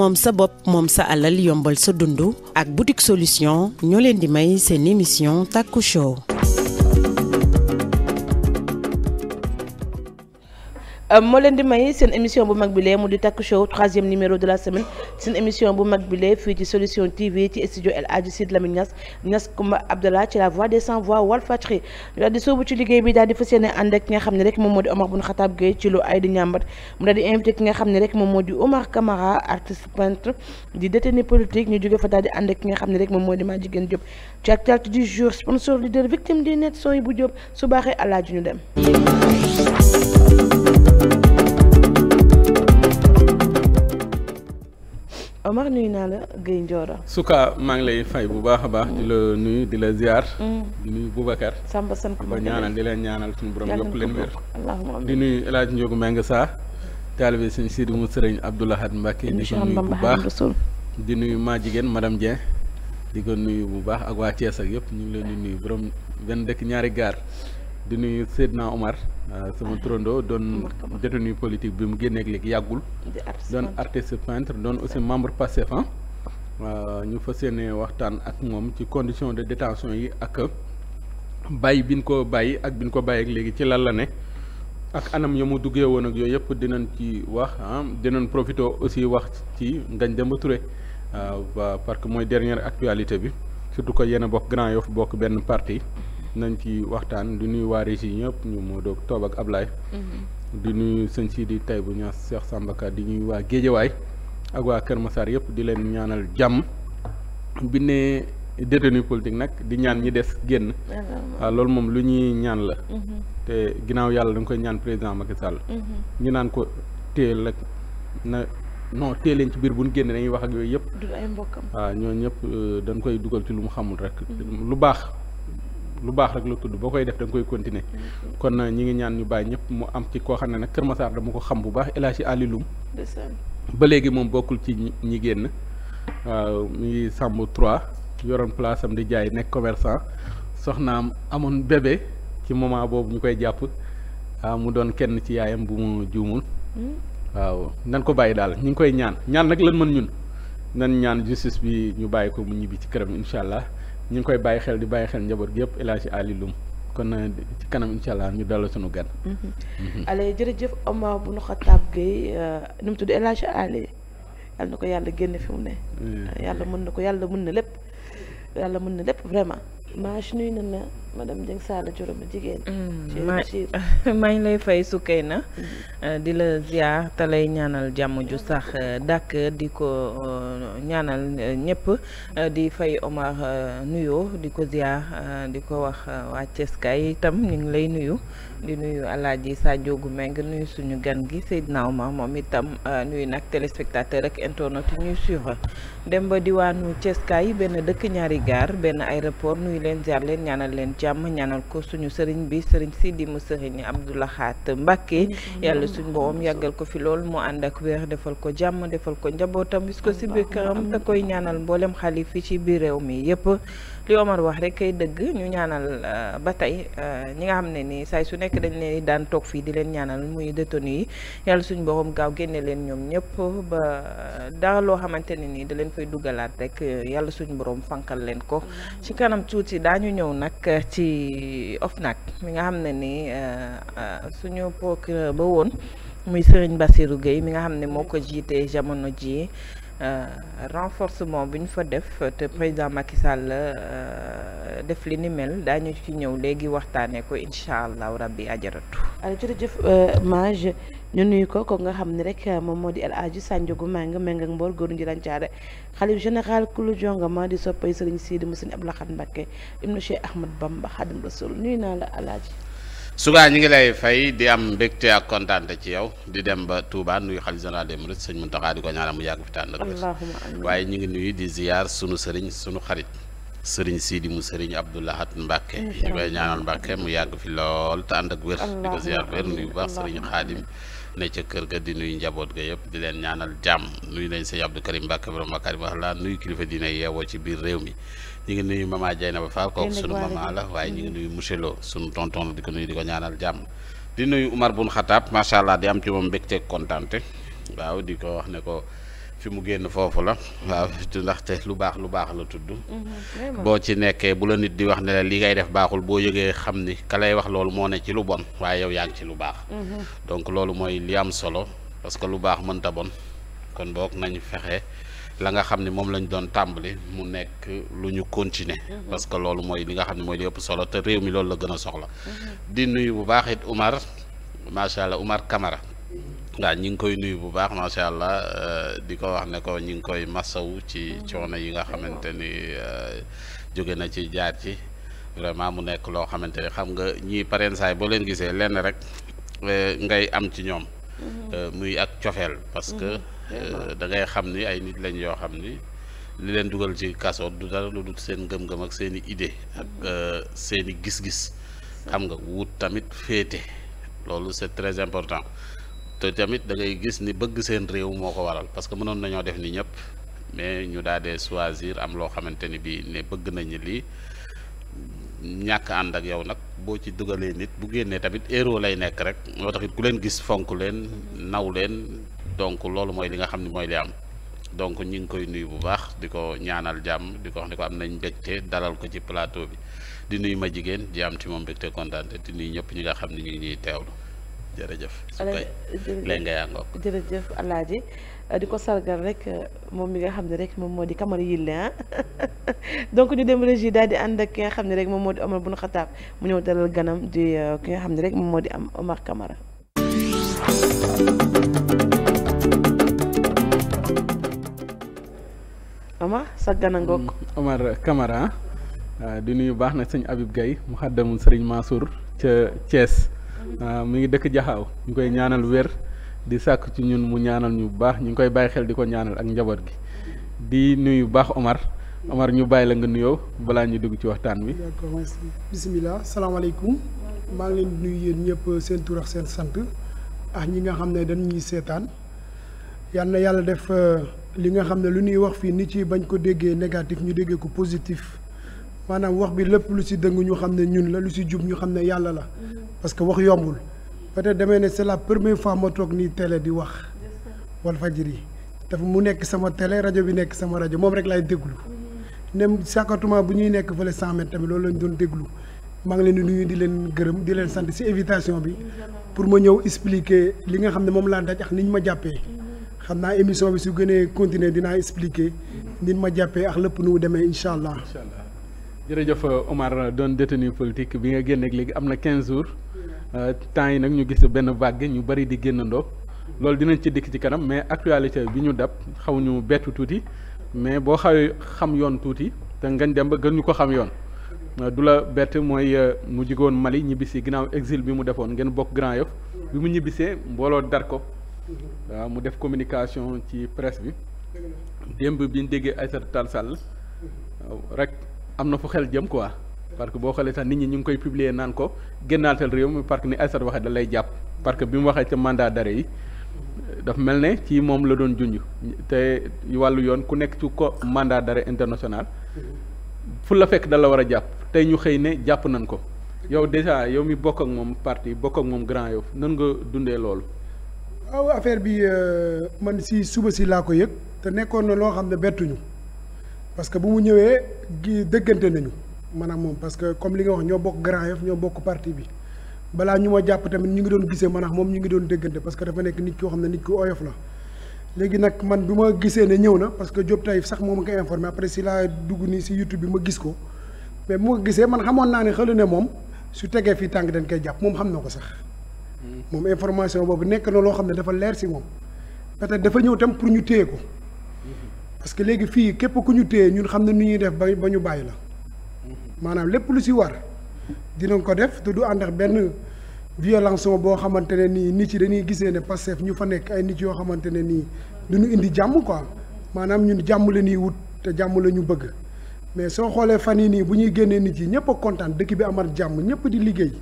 moom sa bopp moom sa alal yombal sa dund ak boutique solution ñoo leen di may seen émission Taku Show Euh, moo leen di may seen émission bu mag bi lee mu di takk show troisième numéro de la semaine seen bu mag bi lee fii ci solution TV ci studio El Hadji Sid Lamine Niass Niass Abdallah ci la voix des sans voix Walfadjri ñu daal di sóobu ci liggéey bi daal di fas yéene ànd ak nga xam ne rek moom moo di Omar Bun Khatab Gueye di ñàmbat mu daal xam ne rek moom moo di Omar Camara artiste peintre ñu jóge fa daal di ànd ak nga xam ne rek moom moo di maa jigéen Diop ci actualité du jour sponsor leader victime di net son yi bu Diop su baaxee àlaaji ñu dem Omar nuyu naa la Guèye maa ngi lay fay bu baax a baax. di la mm. nuyu di la ziar. Mm. di nuyu Boubacar. Samba sant ko ñaanal di leen ñaanal suñu borom yokk leen wér. di nuyu El Hadj Ndiogou Mbengue Sarr. taalibe sëñ Sidi mu sëriñ Abdoulahad Mbacké di ko nuyu bu baax di nuyu maa jigéen madame Dieng. di ko nuyu bu baax ak waa Thiès ak yëpp ñu ngi leen di nuyu borom benn dëkk ñaari gaar. di nuyu Seydina Omar euh, sama turandoo doon détenu politique bi mu génneek léegi yàggul doon artiste peintre doon aussi membre Pastef euh, ñu fa yéene waxtaan ak moom ci condition de détention yi ak bàyyi bi ñu ko bàyyi ak bi ko bàyyi ak léegi ci lan la ne ak anam ya mu duggee woon ak yooyu yëpp dinañ ci wax ah dinañ profité aussi wax ci Ngagne Demba Touré euh, parce que mooy dernière actualité bi surtout que yéen a bokk Grand Yoff bokk benn parti nañ ci waxtaan du nuy waa régie ñëpp ñu moo doog toog ak Ablaye. Mm-hmm. di nuyu sëñ Sidi tay bu ñaas Cheikh Sambaka di ñuy waa waay ak waa Kër Massar yëpp di leen ñaanal jàmm bi ne détenu politique nag di ñaan ñi des génn. waaw loolu moom lu ñuy ñaan la. Mm-hmm. te ginnaaw yàlla da koy ñaan président Macky Sall. Mm-hmm. ñu naan ko teel ak na non téel ci biir bu ñu génn dañuy wax ak yooyu yëpp. du ay mbokkam waaw euh, dañ koy dugal ci lu mu xamul rek. lu baax. lu baax rek lu tudd boo koy def da koy continuer kon ñi ngi ñaan ñu bàyyi ñëpp mu am ci koo xam ne nag Kër Massar dama ko xam bu baax El Hadji Ali ba léegi moom bokkul ci ñi génn waaw mi ngi sàmm 3 yoroon place am di jaay nekk commerçant soxnaam amoon bébé ci moment boobu ñu koy jàpp ah mu doon kenn ci yaayam bu mu juumul hmm. waaw nan ko bàyyi daal ñu ngi koy ñaan ñaan nag lan mën ñun nan ñaan justice bi ñu bàyyi ko mu ñibbi ci këram incha allah ñu ngi koy bàyyi xel di bàyyi xel njaboot gi yëpp El Hadj Ali Loum kon ci kanam incha allah ñu dalal sunu gan. Mhm. Mhm. allez jërëjëf Omar bu nu Xataab Gueye euh, nu mu tudd El Hadj Ali yàlla na ko yàlla génn fi mu ne. yàlla mën na ko yàlla mën na lépp yàlla mën na lépp vraiment. maa nuyu na la. madame Dieng Saala Thioro jigéen. Mm, maa ngi lay fay sukkay na mm-hmm. euh, di la ziar te lay ñaanal jàmm ju sax euh, dàkk di ko euh, ñaanal ñëpp di fay Omar nuyoo di ko ziar di ko wax waa Ceskaay itam ñu ngi lay nuyu di nuyu Alaaji Sadio meng nuyu suñu gan gi Seydina Omar moom itam nuyu nag téléspectateur ak internet ñuy suivre dem ba diwaanu Ceskaay benn dëkk ñaari gaar benn aéroport nuyu leen ziar leen ñaanal leen. jàmm ñaanal ko suñu sëriñ bi sëriñ Sidi mu sëriñ Abdou Lahat mbàkke yàlla suñu borom yàggal ko fi lool mu ànd ak wér defal ko jàmm defal ko njabootam bis ko si biir këram te koy ñaanal mboolem xalif ci biir réew mi yëpp li Omar wax rek kay dëgg ñu ñaanal euh, ba tey euh, ñi nga xam ne nii saay su nekk dañ leen daan toog fii di leen ñaanal muy détenu yi yàlla suñu borom gaaw génne leen ñoom ñëpp ba euh, dara loo xamante ne nii da leen fay dugalaat rek yàlla suñu boroom fankal leen ko ci kanam tuuti daañu ñëw nag ci nag mi nga xam ne nii suñu procureur ba woon muy Serigne Bassirou Gueye mi nga xam ne moo ko jiitee jamono ji Euh, renforcement bu ñu fa def te président Macky Sall euh, def li ni mel daañu ci ñëw léegi waxtaanee ko incha allah rabbi ajaratu. jërëjëf euh, Mage ñu nuyu ko ko nga xam ne rek moom moo di El Hadji Sanjogu Manga Manga ak Mboor góoru Njilaan Caare xalif général kulu jongama di soppay Sëriñ Sidi Musin Abdou Lahad Mbacké ibnu Cheikh Ahmad Bamba Xaadimu Rasuul nuyu naa la El Hadji sugaa ñu ngi lay fay di am mbégte ak kontaante ci yow di dem ba Touba nuyu xalifa général des mourides sëñ Mountakha di ko ñaana mu yàgg fi tànn waaye ñu ngi nuyu di ziyaar sunu sëriñ sunu xarit sëriñ Sidi mu sëriñ Abdou Lahad Mbacke ñu koy ñaanal Mbacke mu yàgg fi lool te ànd ak wér di ko ziyaar wér nuyu bu baax sëriñ Xaadim ne ca kër ga di nuyu njaboot ga yëpp di leen ñaanal jàmm nuyu nañ sëñ Abdou Karim Mbacke borom Makaarim wax laa nuyu kilifa dina yeewoo ci biir réew mi ñu ngi nuyu maman Dieynaba Fall kooku sunu maman la waaye ñu ngi mm-hmm. nuyu monsieur sunu tonton la di ko nuyu di ko ñaanal jàmm di nuyu Umar bun Xataab macha allah di am ci moom mbégteeg kontaante waaw di ko wax ne ko fi mu génn foofu la waaw ndaxte lu baax lu baax la tudd mm-hmm. boo ci nekkee bu la nit di wax ne la li ngay def baaxul boo yëgee xam ni ka lay wax loolu moo ne ci lu bon waaye yow yaa ngi ci lu baax mm-hmm. donc loolu mooy li am solo parce lu baax mënta bon kon boog nañu fexe la nga xam ne moom lañ doon tàmbali mu nekk lu ñu continuer mhm. parce que loolu mooy li nga xam ne mooy li ëpp solo te réew mi loolu la gën a soxla mhm. di nuyu bu baax it Umar macha allah Umar Camara waaw ñi ngi koy nuyu bu baax macha allah euh, di ko wax ne ko ñi ngi koy masawu ci mhm. coono yi nga xamante ni euh, jóge na ci jaar ci vraiment mu nekk loo xamante ni xam nga ñi ñii parensaay boo leen gisee lenn rek euh, ngay am ci ñoom muy ak cofeel parce que Euh, da ngay xam ni ay nit lañ yoo xam ni li leen dugal ci kaso du dara lu dul seen ngëm-ngëm ak seeni i idée ak euh, seen i gis-gis xam nga wut tamit féete loolu c'est très important te tamit da ngay gis ni bëgg seen réew moo ko waral parce que mënoon nañoo def ni ñëpp mais ñu daal di choisir am loo xamante ni bii ne bëgg nañu lii ñàkk ànd ak yow nag boo ci dugalee nit bu génnee tamit héros lay nekk rek moo tax it ku leen gis fonk leen naw leen donc loolu mooy li nga xam ne mooy li am donc ñu ngi koy nuyu bu baax di ko ñaanal jàmm di ko wax ne ko am nañ mbégte dalal ko ci plateau bi di nuyu ma jigéen di am ci moom mbégte kontaan di ñëpp ñi nga xam ne ñu teewlu jërëjëf. su koy léegi nga yaa di ko sargal rek moom mi nga xam ne rek moom moo di Kamara Yille ah donc ñu dem régie daal di ànd ak ki nga xam ne rek moom moo di Omar bun Xataab mu ñëw dalal ganam di euh, ki nga xam ne rek moom moo di am Omar Kamara. ama sa gana ngoog mm, Omar Camara ah, di nuyu baax na sëñ Habib Gaye mu xaddamul sëriñ Mansour ca Thiès ah, mu ngi dëkk jaxaw ñu koy ñaanal wér di sàkk ci ñun mu ñaanal ñu bu baax ñu ngi koy bàyyi xel di ko ñaanal ak njaboot gi di nuyu baax Omar Omar ñu bàyyi la nga nuyoo balaa ñu dugg ci waxtaan bi. d'accord merci bisimilah salaamaaleykum maa ngi nuyu yéen ñëpp seen tur ak seen sant ak ñi nga xam ne dañ seetaan yàlla def. Euh, li nga xam ne lu ñuy wax fii nit yi bañ ko déggee négatif ñu déggee ko positif maanaam wax bi lépp lu si dëng ñu xam ne ñun la lu si jub ñu xam ne yàlla la parce que wax yombul peut-être damay ne c'est la première fois ma toog nii tele di wax Walfadjri dafa mu nekk sama télé rajo bi nekk sama rajo moom rek laay déglu nem sakatuma bu ñuy nekk fële 100 mètres tamit loolu lañ doon déglu maa ngi leen di nuyu di leen gërëm di leen sant ci invitation bi pour ma ñëw expliquer li nga xam ne moom laa daj ni ñu ma jàppee xam naa émission bi su gënee continuer dinaa expliquer nit ma jàppee ak lépp nu demee incha allah. incha allah jërëjëf Omar doon détenu politique bi nga génneeg léegi am na quinze jours euh, temps yi nag ñu gis benn vague ñu bari di génnandoo loolu dinañ ci dikk ci kanam mais actualité bi ñu dab xaw ñu bettu tuuti mais boo xawee xam yoon tuuti te ngañ dem ba gën ñu ko xam yoon. Euh, du la bett mooy euh, mu jigoon Mali ñibbisi ginnaaw exil bi mu defoon ngeen bokk Grand Yoff bi mu ñibbisee mbooloo dar ko. waaw mu def communication ci presse bi démb bi ñu déggee Aïssata Tall Sall rek am na fu xel jëm quoi parce que boo xoolee sax nit ñi ñu ngi koy publier naan ko génnaatal réew mi parce que ni Aïssata waxee da lay jàpp parce que bi mu waxee ca mandat d'arrêt yi dafa mel ne ci moom la doon junj te wàllu yoon ku nekk ci ko mandat d'arrêt international fu la fekk dala war a jàpp tey ñu xëy ne jàpp nañ ko yow déjà yow mi bokk ak moom parti bokk ak moom Grand Yoff nan nga dundee loolu aw affaire bi euh, man si suba si laa ko yëg te nekkoon na loo xam ne bettuñu parce que bu mu ñëwee gi dëggante nañu maanaam moom parce que comme li nga wax ñoo bokk Grand Yoff bokk parti bi balaa ñu ma jàpp tamit ñu ngi doon gisee maanaam moom ñu ngi doon dëggante parce que dafa nekk nit koo xam ne nag man bi ma gisee ne ñëw na parce que Diop Taïf sax moo ma koy informé après si laa dugg si YouTube bi ma gis ko mais bu ma gisee man xamoon naa ne xëlu ne moom su tegee fii tàng dañ koy jàpp moom xam na ko sax moom information boobu nekk na loo xam ne dafa leer si moom peut-être dafa ñëw tam pour ñu téye ko parce que léegi fii képp ku ñu téye ñun xam ne nu ñuy def ba ba ñu bàyyi la maanaam lépp lu si war dinañ ko def te du ànd ak benn violence boo xamante ne nii nit yi dañuy gisee ne Pastef ñu fa nekk ay nit yoo xamante ne nii duñu indi jàmm quoi maanaam ñun jàmm la ñuy wut te jàmm la ñu bëgg mais soo xoolee fan yii nii bu ñuy génnee nit yi ñëpp a kontaan dëkk bi amal jàmm ñëpp di liggéey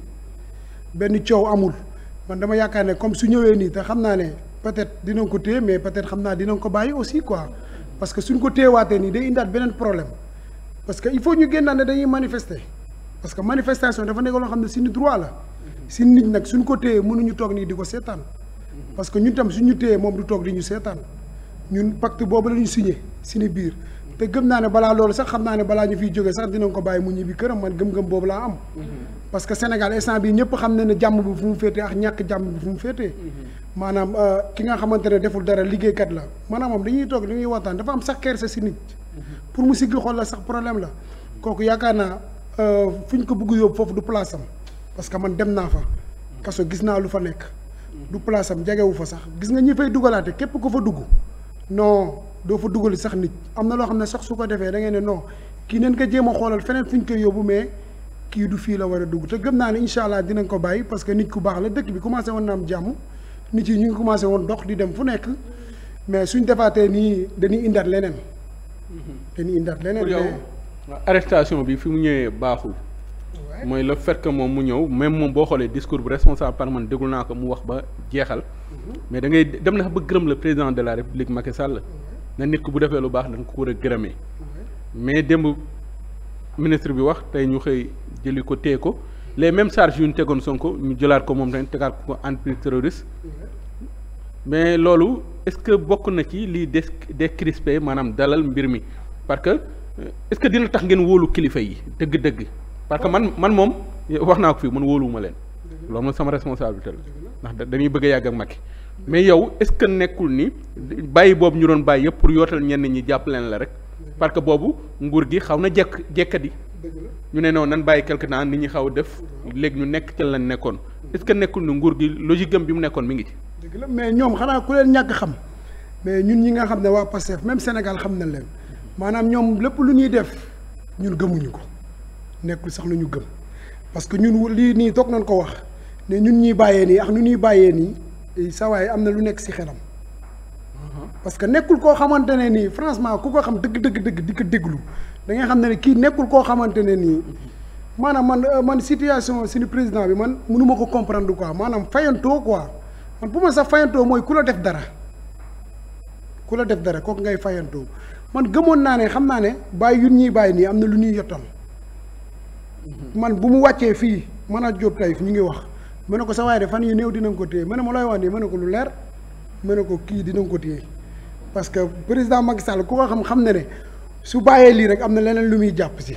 benn coow amul. man dama yaakaar ne comme su ñëwee nii te xam naa ne peut-être dinañ ko téye mais peut-être xam naa dinañ ko bàyyi aussi quoi parce que suñ ko téyewaatee nii day indaat beneen problème parce que il faut ñu génnaat ne dañuy manifester parce que manifestation dafa nekk loo xam ne suñu droit la si nit nag suñ ko téyee mënuñu toog nii di ko seetaan parce que ñun tam suñu téyee moom du toog di ñu seetaan ñun pacte boobu la ñu signé suñu biir te gëm naa ne balaa loolu sax xam naa ne balaa ñu fiy jóge sax dinañ ko bàyyi mu ñibbi këram man gëm-gëm boobu laa am. Mm-hmm. parce que Sénégal instant bi ñëpp xam na ne jàmm bi fu mu féetee ak ñàkk jàmm mu féetee. Mm-hmm. maanaam euh, ki nga xamante ne deful dara liggéeykat la maanaam moom dañuy toog dañuy waxtaan dafa am sax kersa si nit. Mm-hmm. pour mu sigg xool la sax problème la kooku yaakaar naa euh, fu ñu ko bëgg yóbbu foofu du place am parce que man dem naa fa. kaso gis naa lu fa nekk. du place am jegewu fa sax gis nga ñi fay dugalaate képp ko fa dugg non. doo fa dugali sax nit am na loo xam ne sax su ko defee da ne non kii neen ko jéem xoolal feneen fu ñu koy yóbbu mais kii du fii la war a dugg te gëm naa ne incha allah dinañ ko bàyyi parce que nit ku baax la dëkk bi commencé woon na am jàmm nit ñu commencé woon dox di dem fu nekk mais suñ defaatee nii dañuy indaat leneen. dañuy indaat leneen mais yow arrestation bi fi mu ñëwee baaxul. mooy la fait moom mu ñëw même moom boo xoolee discours bu responsable par man déglu naa ko mu wax ba jeexal. Mm-hmm. mais da ngay dem na ba gërëm la président de la république Macky Sall. na nit ku bu defee lu baax danga ko war a gërëmee mais démb ministre bi wax tey ñu xëy jëli ko téye ko les mêmes charges yu ñu tegoon Sonko ñu jëlaat ko moom tamit tegaat ko entreprise terroriste mais loolu est-ce que bokk na ci lii des décrispé maanaam dalal mbir mi parce que euh, est-ce que dina tax ngeen wóolu kilifa yi dëgg-dëgg parce que man man moom wax naa ko fii man wóoluwuma leen loolu moom sama responsabilité la ndax dañuy bëgg a yàgg ak mais yow est-ce que nekkul ni bàyyi boobu ñu doon bàyyi yëpp pour yootal ñenn ñi jàpp leen la rek parce que boobu nguur gi xaw na jekk jekkadi ñu ne noonu nan bàyyi quelque temps nit ñi xaw def léegi ñu nekk ca lañ nekkoon est que nekkul ni nguur gi logique am bi mu nekkoon mi ngi ci. la mais ñoom xanaa ku leen ñàkk xam mais ñun ñi nga xam ne waa Pastef même Sénégal xam nañ leen maanaam ñoom lépp lu ñuy def ñun gëmuñu ko nekkul sax lu ñu gëm parce que ñun lii nii toog nañ ko wax ne ñun ñuy bàyyee nii ak ñu ñuy bàyyee nii. sawaay am na lu nekk si xelam. parce que nekkul koo xamante ne nii franchement ku ko xam dëgg dëgg dëgg di ko déglu da nga xam ne ne kii nekkul koo xamante ne nii maanaam man euh, man situation suñu président bi man mënuma ko comprendre ko maanaam fayantoo ko man bu ma sax fayantoo mooy ku la def dara ku la def dara kooku ngay fayantoo man gëmoon naa ne xam naa ne bàyyi yun ñuy bàyyi nii am na lu ñuy yottal man bu mu wàccee fii man a jóob tey ñu ngi wax mu ne ko sa waay de fan yu néew dinañ ko téye mu ne ma looy wax nii mu ne ko lu leer mu ne ko kii dinañ ko téye parce que président Macky Sall ku ko xam xam ne ne su bàyyee lii rek am na leneen lu muy jàpp si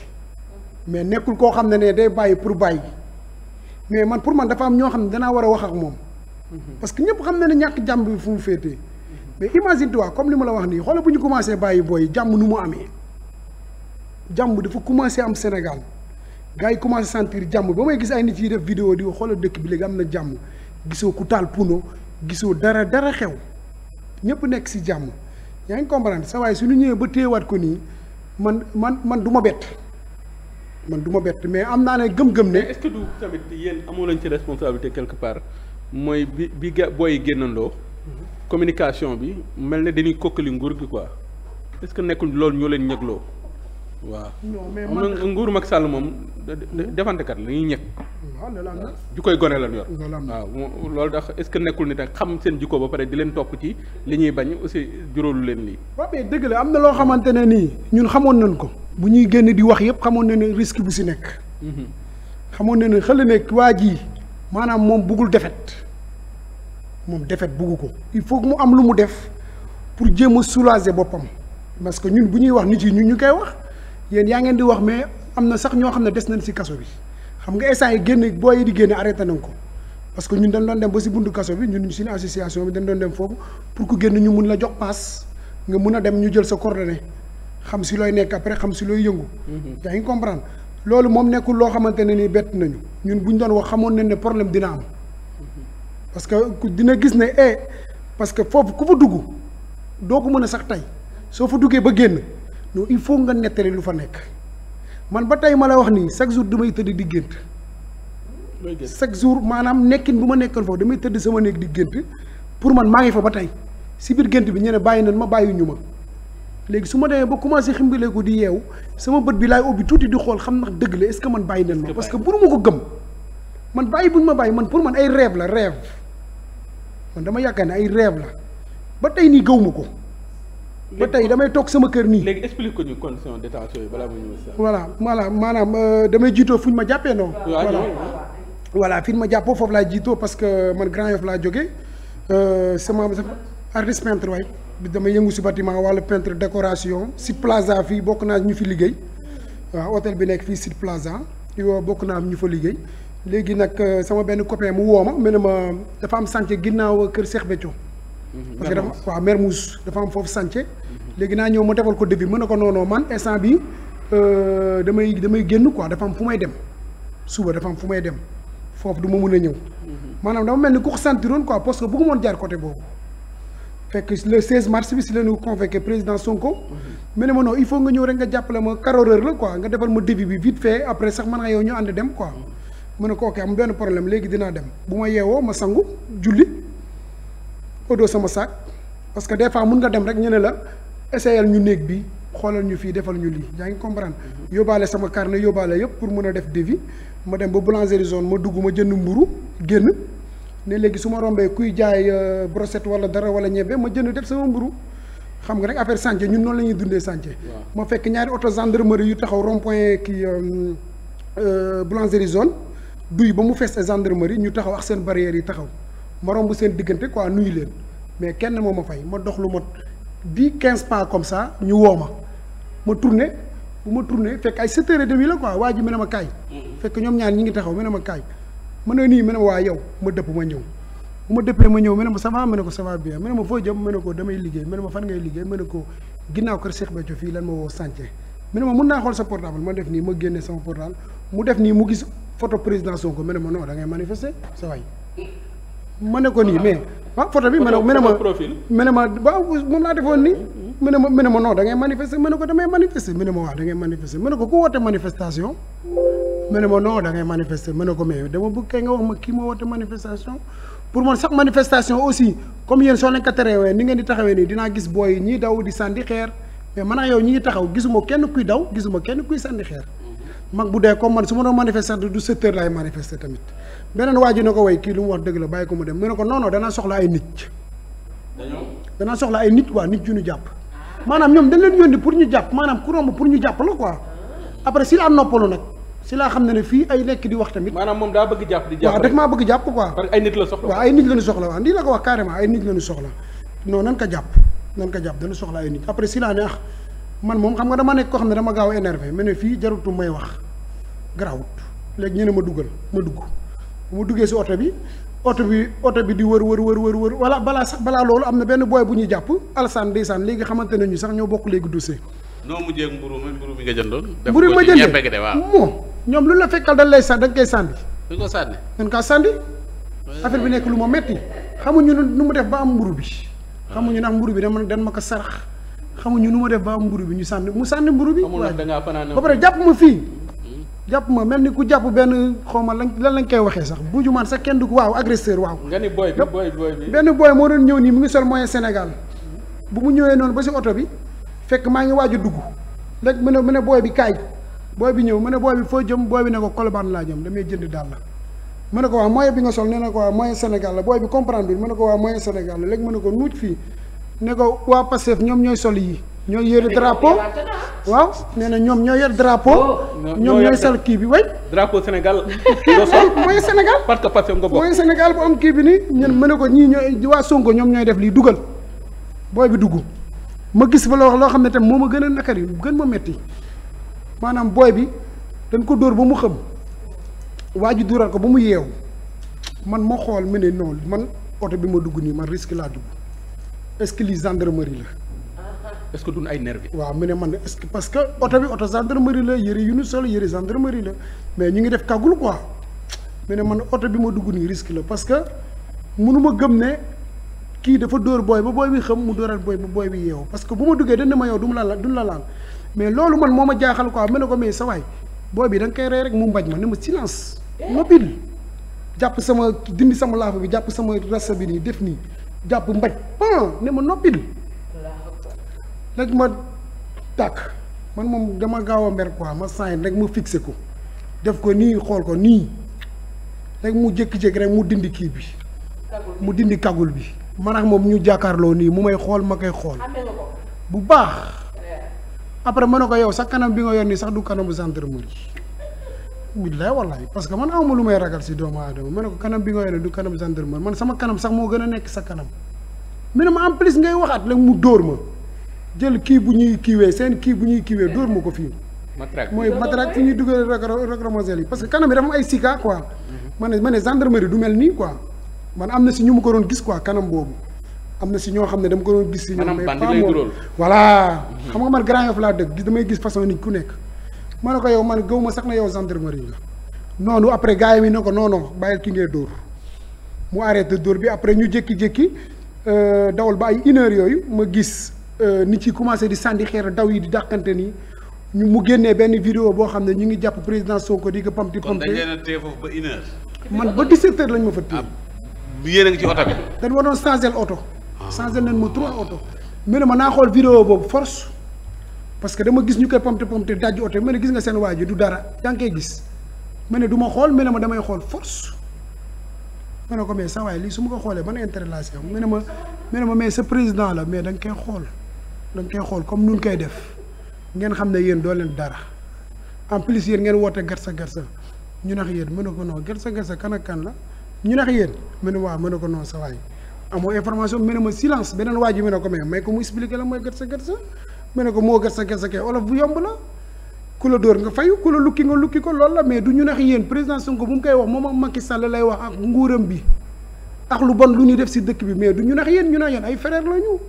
mais nekkul koo xam ne ne day bàyyi pour bàyyi mais man pour man dafa am ñoo xam ne danaa war a wax ak moom. parce que ñëpp xam na ne ñàkk jàmb fu mu féetee. mais imagine toi comme li ma la wax nii xoolal bu ñu commencé bàyyi booy jàmm nu mu amee jàmm dafa commencé am Sénégal. gaa yi commencé sentir jàmm ba may gis ay nit yi def vidéo di xoolal dëkk bi léegi am na jàmm gisoo ku taal puno gisoo dara dara xew ñëpp nekk si jàmm yaa ngi comprendre sa waaye suñu ñëwee ba téyewaat ko nii man man man du ma bett man du ma bett mais am naa ne gëm-gëm ne. est-ce que du tamit yéen amoo lañ ci responsabilité quelque part mooy bi bi ga booy génnandoo. Mhm. communication bi mel ne dañuy kokkali nguur gi quoi est-ce que nekkul loolu ñoo leen ñëgloo. waaw mais man nguuru Macky Sall moom defantekat la ñuy ñekk. waaw jikkoy gone lan yor. waaw loolu tax est ce que nekkul ni nag xam seen jikko ba pare di leen topp ci li ñuy bañ aussi juróolu leen lii. waaw mais dëgg la am na loo xamante ne nii ñun xamoon nañ ko bu ñuy génn di wax yëpp xamoon na ne risque bu si nekk. Mhm. xamoon na ne xële nekk waa ji maanaam moom buggul defet moom defet buggu ko il faut mu am lu mu def pour jéem a soulager boppam parce que ñun bu ñuy wax nit yi ñun ñu koy wax. yéen yaa ngeen di wax mais am na sax ñoo xam ne des nañ si kaso bi xam nga instant yi génn booy yi di génn arrêté nañ ko parce que ñun dañ doon dem ba si buntu kaso bi ñun suñu association bi dañ doon dem foofu pour ku génn ñu mun la jox paas nga mun a dem ñu jël sa coordonnée xam si looy nekk après xam si looy yëngu. Mhm. yaa ngi comprendre loolu moom nekkul loo xamante ne nii bett nañu ñun bu ñu doon wax xamoon nañ ne problème dina am mhm. parce que dina gis ne eh parce que foofu ku fa dugg doo ko mën a sax tey soo fa duggee ba génn. non il faut nga nettali lu fa nekk man ba tey ma la wax nii chaque jour damay tëdd di gént chaque jour maanaam nekkin bu ma nekkoon foofu damay tëdd sama néeg di gént pour man maa ngi fa ba tey si biir gént bi ñu ne bàyyi nañ ma bàyyi ñu ma léegi su ma demee ba commencé ximbileeku di yeewu sama bët bi laay ubbi tuuti di xool xam ndax dëgg la est-ce que man bàyyi nañ ma parce que bu ma ko gëm man bàyyi buñ ma bàyyi man pour man ay rêve la rêve man dama yaakaar ne ay rêve la ba tey nii gëw ko ba tey damay toog sama kër nii. léegi explique ko ñu condition détention voilà voilà maanaam euh, damay jiitoo fu ñu ma jàppee noonu. voilà voilà fi ñu ma jàppoo foofu laa jiitoo parce que man Grand Yoff laa jógee euh, sama artiste peintre waay damay yëngu si bâtiment wàllu peintre décoration si plaza fii bokk naa ñu fi liggéey waaw hôtel bi nekk fii si plaza yoo bokk naa ñu fa liggéey léegi nag euh, sama benn copain mu woo ma mu ne ma dafa am chantier ginnaaw kër seex Béthio. Mhm, parce que dafa waaw Mermoz dafa am foofu chantier. léegi naa ñëw ma defal ko devis mën na ko noonoo man instant bi euh, damay damay génn quoi dafa am fu may dem suba dafa am fu may dem foofu du ma mën a ñëw mhm. maanaam dama mel ni ku ko sentiroon quoi parce que bëggu moon jaar côté boobu fekk le 16 mars bi si la ñu convoqué président Sonko. mu mhm. ne ma non il faut nga ñëw rek nga jàppale ma carreleur la quoi nga defal ma devis bi vite fait après sax mën naa yow ñu ànd dem quoi. mu ne ko ok am benn problème léegi dinaa dem bu ma yeewoo ma sangu julli odoo sama saak parce que des fois mun nga dem rek ñu ne la. essayal ñu néeg bi xoolal ñu fii defal ñu lii yaa ngi comprendre mhm. yóbbaale sama ne yóbbaale yëpp pour mën a def devis ma dem ba boulangerie zone ma dugg ma jënd mburu génn ne léegi su ma rombee kuy jaay euh, brochette wala dara wala ñebbe ma jënd def sama mburu xam nga rek affaire chantier ñun noonu la ñuy dundee chantier ma fekk ñaari oto auto gendarmerie yu taxaw rond point kii euh, euh, boulangerie zone duy ba mu fees gendarmerie ñu taxaw ak seen barrières yi taxaw ma romb seen diggante quoi nuyu leen mais kenn moo ma fay ma dox lu mot dix quinze pas comme ça ñu woo ma ma tourné bu ma tourné fekk ay sept heures et demi la quoi waa ji mu ne ma kaay. fekk ñoom ñaan ñi ngi taxaw mu ne ma kaay ma nii mu waa yow ma dëpp ma ñëw. bu ma dëppee ma ñëw mu ne ma ne ko ça va bien mu ne ma foo jëm mu ne ko damay liggéey mu ne ne ko ginnaaw kër Cheikh Béthio fii lan ma woo Santé mu xool sa portable ma def nii ma génne sama portable mu def nii mu gis photo président Sonko mu ne ma non ngay manifester ma ne nii mais. waaw photo bi mën a mën a ma mën a ma waaw moom laa defoon nii mën a ma mën a ma non da ngay manifester mën a ko damay manifester mën a ma waaw da manifester mën a ko ku woote manifestation mën ma non da manifester mën ko mais dama bëgg kay nga wax ma kii moo woote manifestation pour man sax manifestation aussi comme yéen soo leen ko terewee ni ngeen di taxawee nii dinaa gis booy ñii daw di sànni xeer mais man ak yow ñi ngi taxaw gisuma kenn kuy daw gisuma kenn kuy sànni xeer mag bu de comme man su ma doon manifester du sept heures laay beneen waa ji na ko way kii lu mu wax dëgg la bàyyi ko mu dem mu ne ko non non danaa soxla ay nit. danaa soxla ay nit waa nit yu ñu jàpp. maanaam ñoom dañ leen yónni pour ñu jàpp maanaam ku romb pour ñu jàpp la quoi après si laa noppalu nag si laa xam ne ne fii ay nekk di wax tamit. maanaam moom daa bëgg jàpp di jàpp waaw maa bëgg jàpp quoi. ay nit la soxla waaw ay nit la ñu soxla waaw nii la ko wax carrément ay nit la ñu soxla non nan ko jàpp nan ko jàpp dana soxla ay nit après si laa ne ah man moom xam nga dama nekk ko xam ne dama gaaw énervé ma ne fii jarutu may wax garawut léegi ñu ne ma dugal ma dugg bu mu duggee si oto bi oto bi oto bi di wër wër wër wër wër wala balaa sax balaa loolu am na benn booy bu ñuy jàpp alsaan ndeysaan léegi xamante nañu sax ñoo bokk léegi dossier. noo mujjee ak mburu mi mburu mi nga jëndoon. mburu mi ma jëndee moom ñoom lu la fekkal dañ lay sa dañ koy sànni. dañ ko sànni dañ kaa eh. bi nekk lu ma metti xamuñu nu mu def ba am mburu bi xamuñu ndax mburu bi dama dan ma ko sarax xamuñu nu ma def ba am mburu bi ñu sànni mu sànni mburu bi ba pare jàpp ma fii jàpp ma mel ni ku jàpp benn xaw ma lan lan lañ koy waxee sax bu jumaan sax kenn du ko waaw agresseur waaw. nga ni booy bi bi benn booy moo doon ñëw nii mu ngi sol moyen Sénégal bu mu ñëwee noonu ba si oto bi fekk maa ngi waaj a dugg léegi mu ne mu ne booy bi kaay booy bi ñëw mu ne booy bi foo jëm booy bi ne ko Colobane laa jëm damay jënd daal la. mu ne ko waa moyen bi nga sol nee na ko waa moyen Sénégal la booy bi comprendre bi mu ne ko waa moyen Sénégal la léegi mu ne ko nuut fii ne ko waa Pastef ñoom ñooy sol yi ñoo yore drapeau waaw nee na ñoom ñoo yor drapeau. Oh, ñoom ñooy sal kii bi way drapeau Sénégal. mooy Sénégal. parce que parce que nga bokk mooy Sénégal bu am kii bi ni ñun mën ne ko ñii ñooy waa Sonko ñoom ñooy def lii dugal booy bi dugg ma gis fa loo loo xam ne tam moo ma gën a nakar yi gën ma metti maanaam booy bi dañ ko dóor ba mu xëm waa ji dural ko ba mu yeew man ma xool mu ne non man oto bi ma dugg nii man risque laa dugg est-ce que lii la. est-ce que duñ ay nervi waa mu ne man est-ce que parce que oto bi oto gendarmerie la yëre yu ñu sol yëre la mais ñu ngi def kàggul quoi mu ne man oto bi ma dugg nii risque la parce que mënu gëm ne kii dafa dóor booy ba booy bi xam mu dóoraat booy ba booy bi yeewu parce que bu ma duggee dana ma yow du ma la mais loolu man moo ma jaaxal quoi mu ne ko mais sa waay booy bi da nga koy rey rek mu mbañ ma ne ma silence mobile jàpp sama dindi sama laafa bi jàpp sama rasa bi nii def nii jàpp mbaj pan ne ma noppil rek ma tàkk man moom dama gaaw a mer quoi ma sànni rek ma fixé ko def ko nii xool ko nii rek mu jékki-jékki rek mu dindi kii bi mu dindi kagul bi man ak moom ñu jàkkaarloo nii mu xool ma koy xool bu baax après ma ne ko yow sax bi nga yor nii sax du kanamu gendarmerie billaay wallaay parce que man awma lu may ragal si doomu aadama ma ne ko kanam bi nga yor nii du kanam gendarmerie man sama kanam sax moo gën a nekk sa kanam mais ma en plus ngay waxaat rek mu dóor ma jël kii bu ñuy kiiwee seen kii bu ñuy kiiwee dóor ma ko fii mooy matraque fi ñuy dugal racramosel yi parce que kanam bi dafa am ay sika quoi mel nii quoi man am na si ñu mu ko doon gis quoi kanam boobu am na si ñoo xam ne dama ko doon gis si ñoom mais pas moom voilà xam nga man Grand Yoff laa dëkk damay gis façon nit ku nekk man a ko yow man gëw ma sax na yow gendarmerie la noonu après gars yi mi ne ko non non bàyyil ki ngay dóor mu arrêté dóor bi après ñu jékki-jékki euh, dawal ba ay une yooyu ma gis Euh, nit ci commencé di sànni xeer daw yi di dàqante nii ñu mu génnee benn vidéo boo xam ne ñu ngi jàpp président Sonko di ko pamti pamti kon dañ leen a téye foofu lañ ma fa téye. bi ah, yéen a ngi ci oto bi. dañ changé oto. Ah. changé nañ ma trois oto. mu ne ma naa xool vidéo boobu force parce que dama gis ñu koy pamte pamte dajj oto bi ma gis nga seen waa ji du dara yaa ngi koy gis ma ne ma xool mu ne ma damay xool force ma ne ko mais sa waay lii su ma ko xoolee ba intérêt laa si am mu ma mu ne ma mais sa président la mais da koy xool. dañ koy xool comme ñu koy def ngeen xam ne yéen doo leen dara en plus yéen ngeen woote garsa garsa ñu neex yéen mën na ko non garsa garsa kan kan la ñu neex yéen mu ne ko non sa waay amoo information mu ne ma ne ko mais may ko mu expliqué la mooy garsa garsa mu bu yomb la ku la dóor nga fayu ku la lukki nga lukki ko loolu la mais du ñu neex yéen président Sonko mu koy wax moom ak Macky Sall lay wax ak nguuram bi ak lu bon lu ñu def si dëkk bi mais du ñu neex yéen ñu neex yéen ay frère la ñu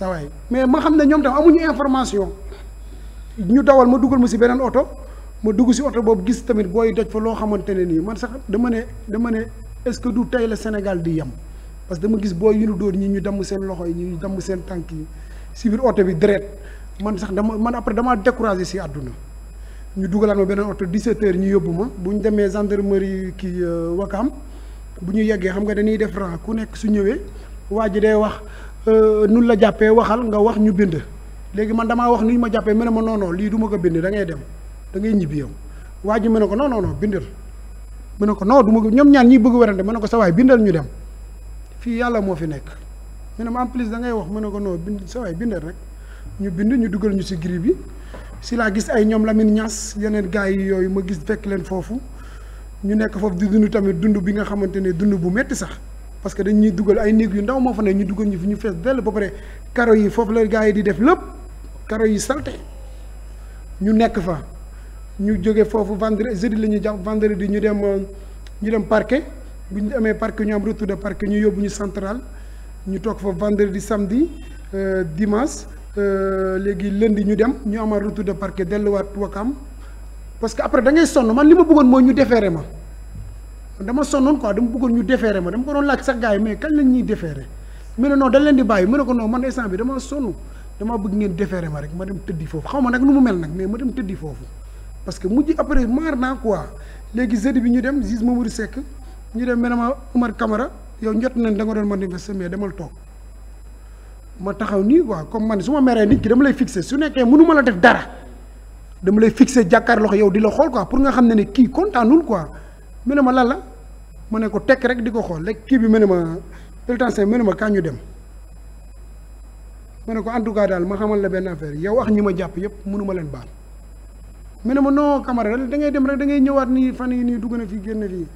sa mais ma xam ne ñoom tam amuñu information ñu dawal ma dugal ma si beneen oto ma dugg si oto boobu gis tamit booy doj fa loo xamante ne nii man sax dama ne dama ne est-ce que du tey la Sénégal di yem parce que dama gis booy yu ñu dóor ñi ñu damm seen loxo yi ñu damm seen tànk yi si biir oto bi deret man sax dama man après damaa découragé si àdduna ñu dugalaat ma beneen oto di heures ñu yóbbu ma bu ñu demee gendarmerie kii euh, Wakaam bu ñu yeggee xam dañuy def rang ku nekk su ñëwee waa ji day wax. Euh, nun la jàppee waxal nga wax ñu bind léegi man damaa wax ni ma jàppee mu ne ma non lii du ma ko bind da ngay dem dangay ngay ñibbi yow waa ji mu ne ko non non non bindal ne ko non du ma ko ñoom ñaar ñiy bëgg werante mu ne ko sa waay bindal ñu dem fii yàlla moo fi nekk mu ne ma en plus da ngay wax mu ne ko non bind sa waay bindal rek ñu bind ñu dugal ñu si giri bi si laa gis ay ñoom Lamine Niass yeneen gars yi yooyu ma gis fekk leen foofu ñu nekk foofu di dund tamit dund bi nga xamante ne dund bu métti sax. parce que dañuy dugal ay néeg yu ndaw moo fa ne ñu dugal ñu fi ñu fees dell ba pare karo yi foofu la gars yi di def lépp karo yi salte ñu nekk fa ñu jóge foofu vendredi jeudi la ñuy jàpp vendredi ñu dem ñu dem parquet bu ñu amee parquet ñu am retour de parquet ñu yóbbu ñu central ñu toog fa vendredi samedi euh, dimanche euh, léegi lundi ñu dem ñu amaat retour de parquet delluwaat Wakam parce que après da ngay sonn man li ma bëggoon mooy ñu defeere ma. dama sonnoon quoi dama bëggoon ñu déféré ma dama ko doon laaj sax gars yi mais kañ lañ ñuy déféré mu ne non dañ leen di bàyyi mu ne ko non man instant bi dama sonn bëgg ngeen déféré ma rek ma dem tëddi foofu xaw ma nag mu mel nag mais ma dem tëddi parce que mujj après maar naa quoi léegi jeudi bi ñu dem juge Mamadou Seck ñu dem menama Oumar Camara yow njot nañ da nga doon manifester mais demal toog ma taxaw nii quoi comme man su ma meree nit ki dama lay fixé su nekkee mënuma ma la def dara dama lay fixé loxo yow di la xool quoi pour nga xam ne ne kii kontaanul quoi mu ne ma lan la ma ne ko tekk rek di ko xool rek kii bi mu ne ma pénitencier mu ne ma kañ ñu dem ma ne ko en tout cas daal ma xamal la benn affaire yow ak ñi ma jàpp yëpp mënu ma leen baal mu ne ma non camarade da ngay dem rek dangay ngay ñëwaat nii fan yi nii dugg na fii génne fii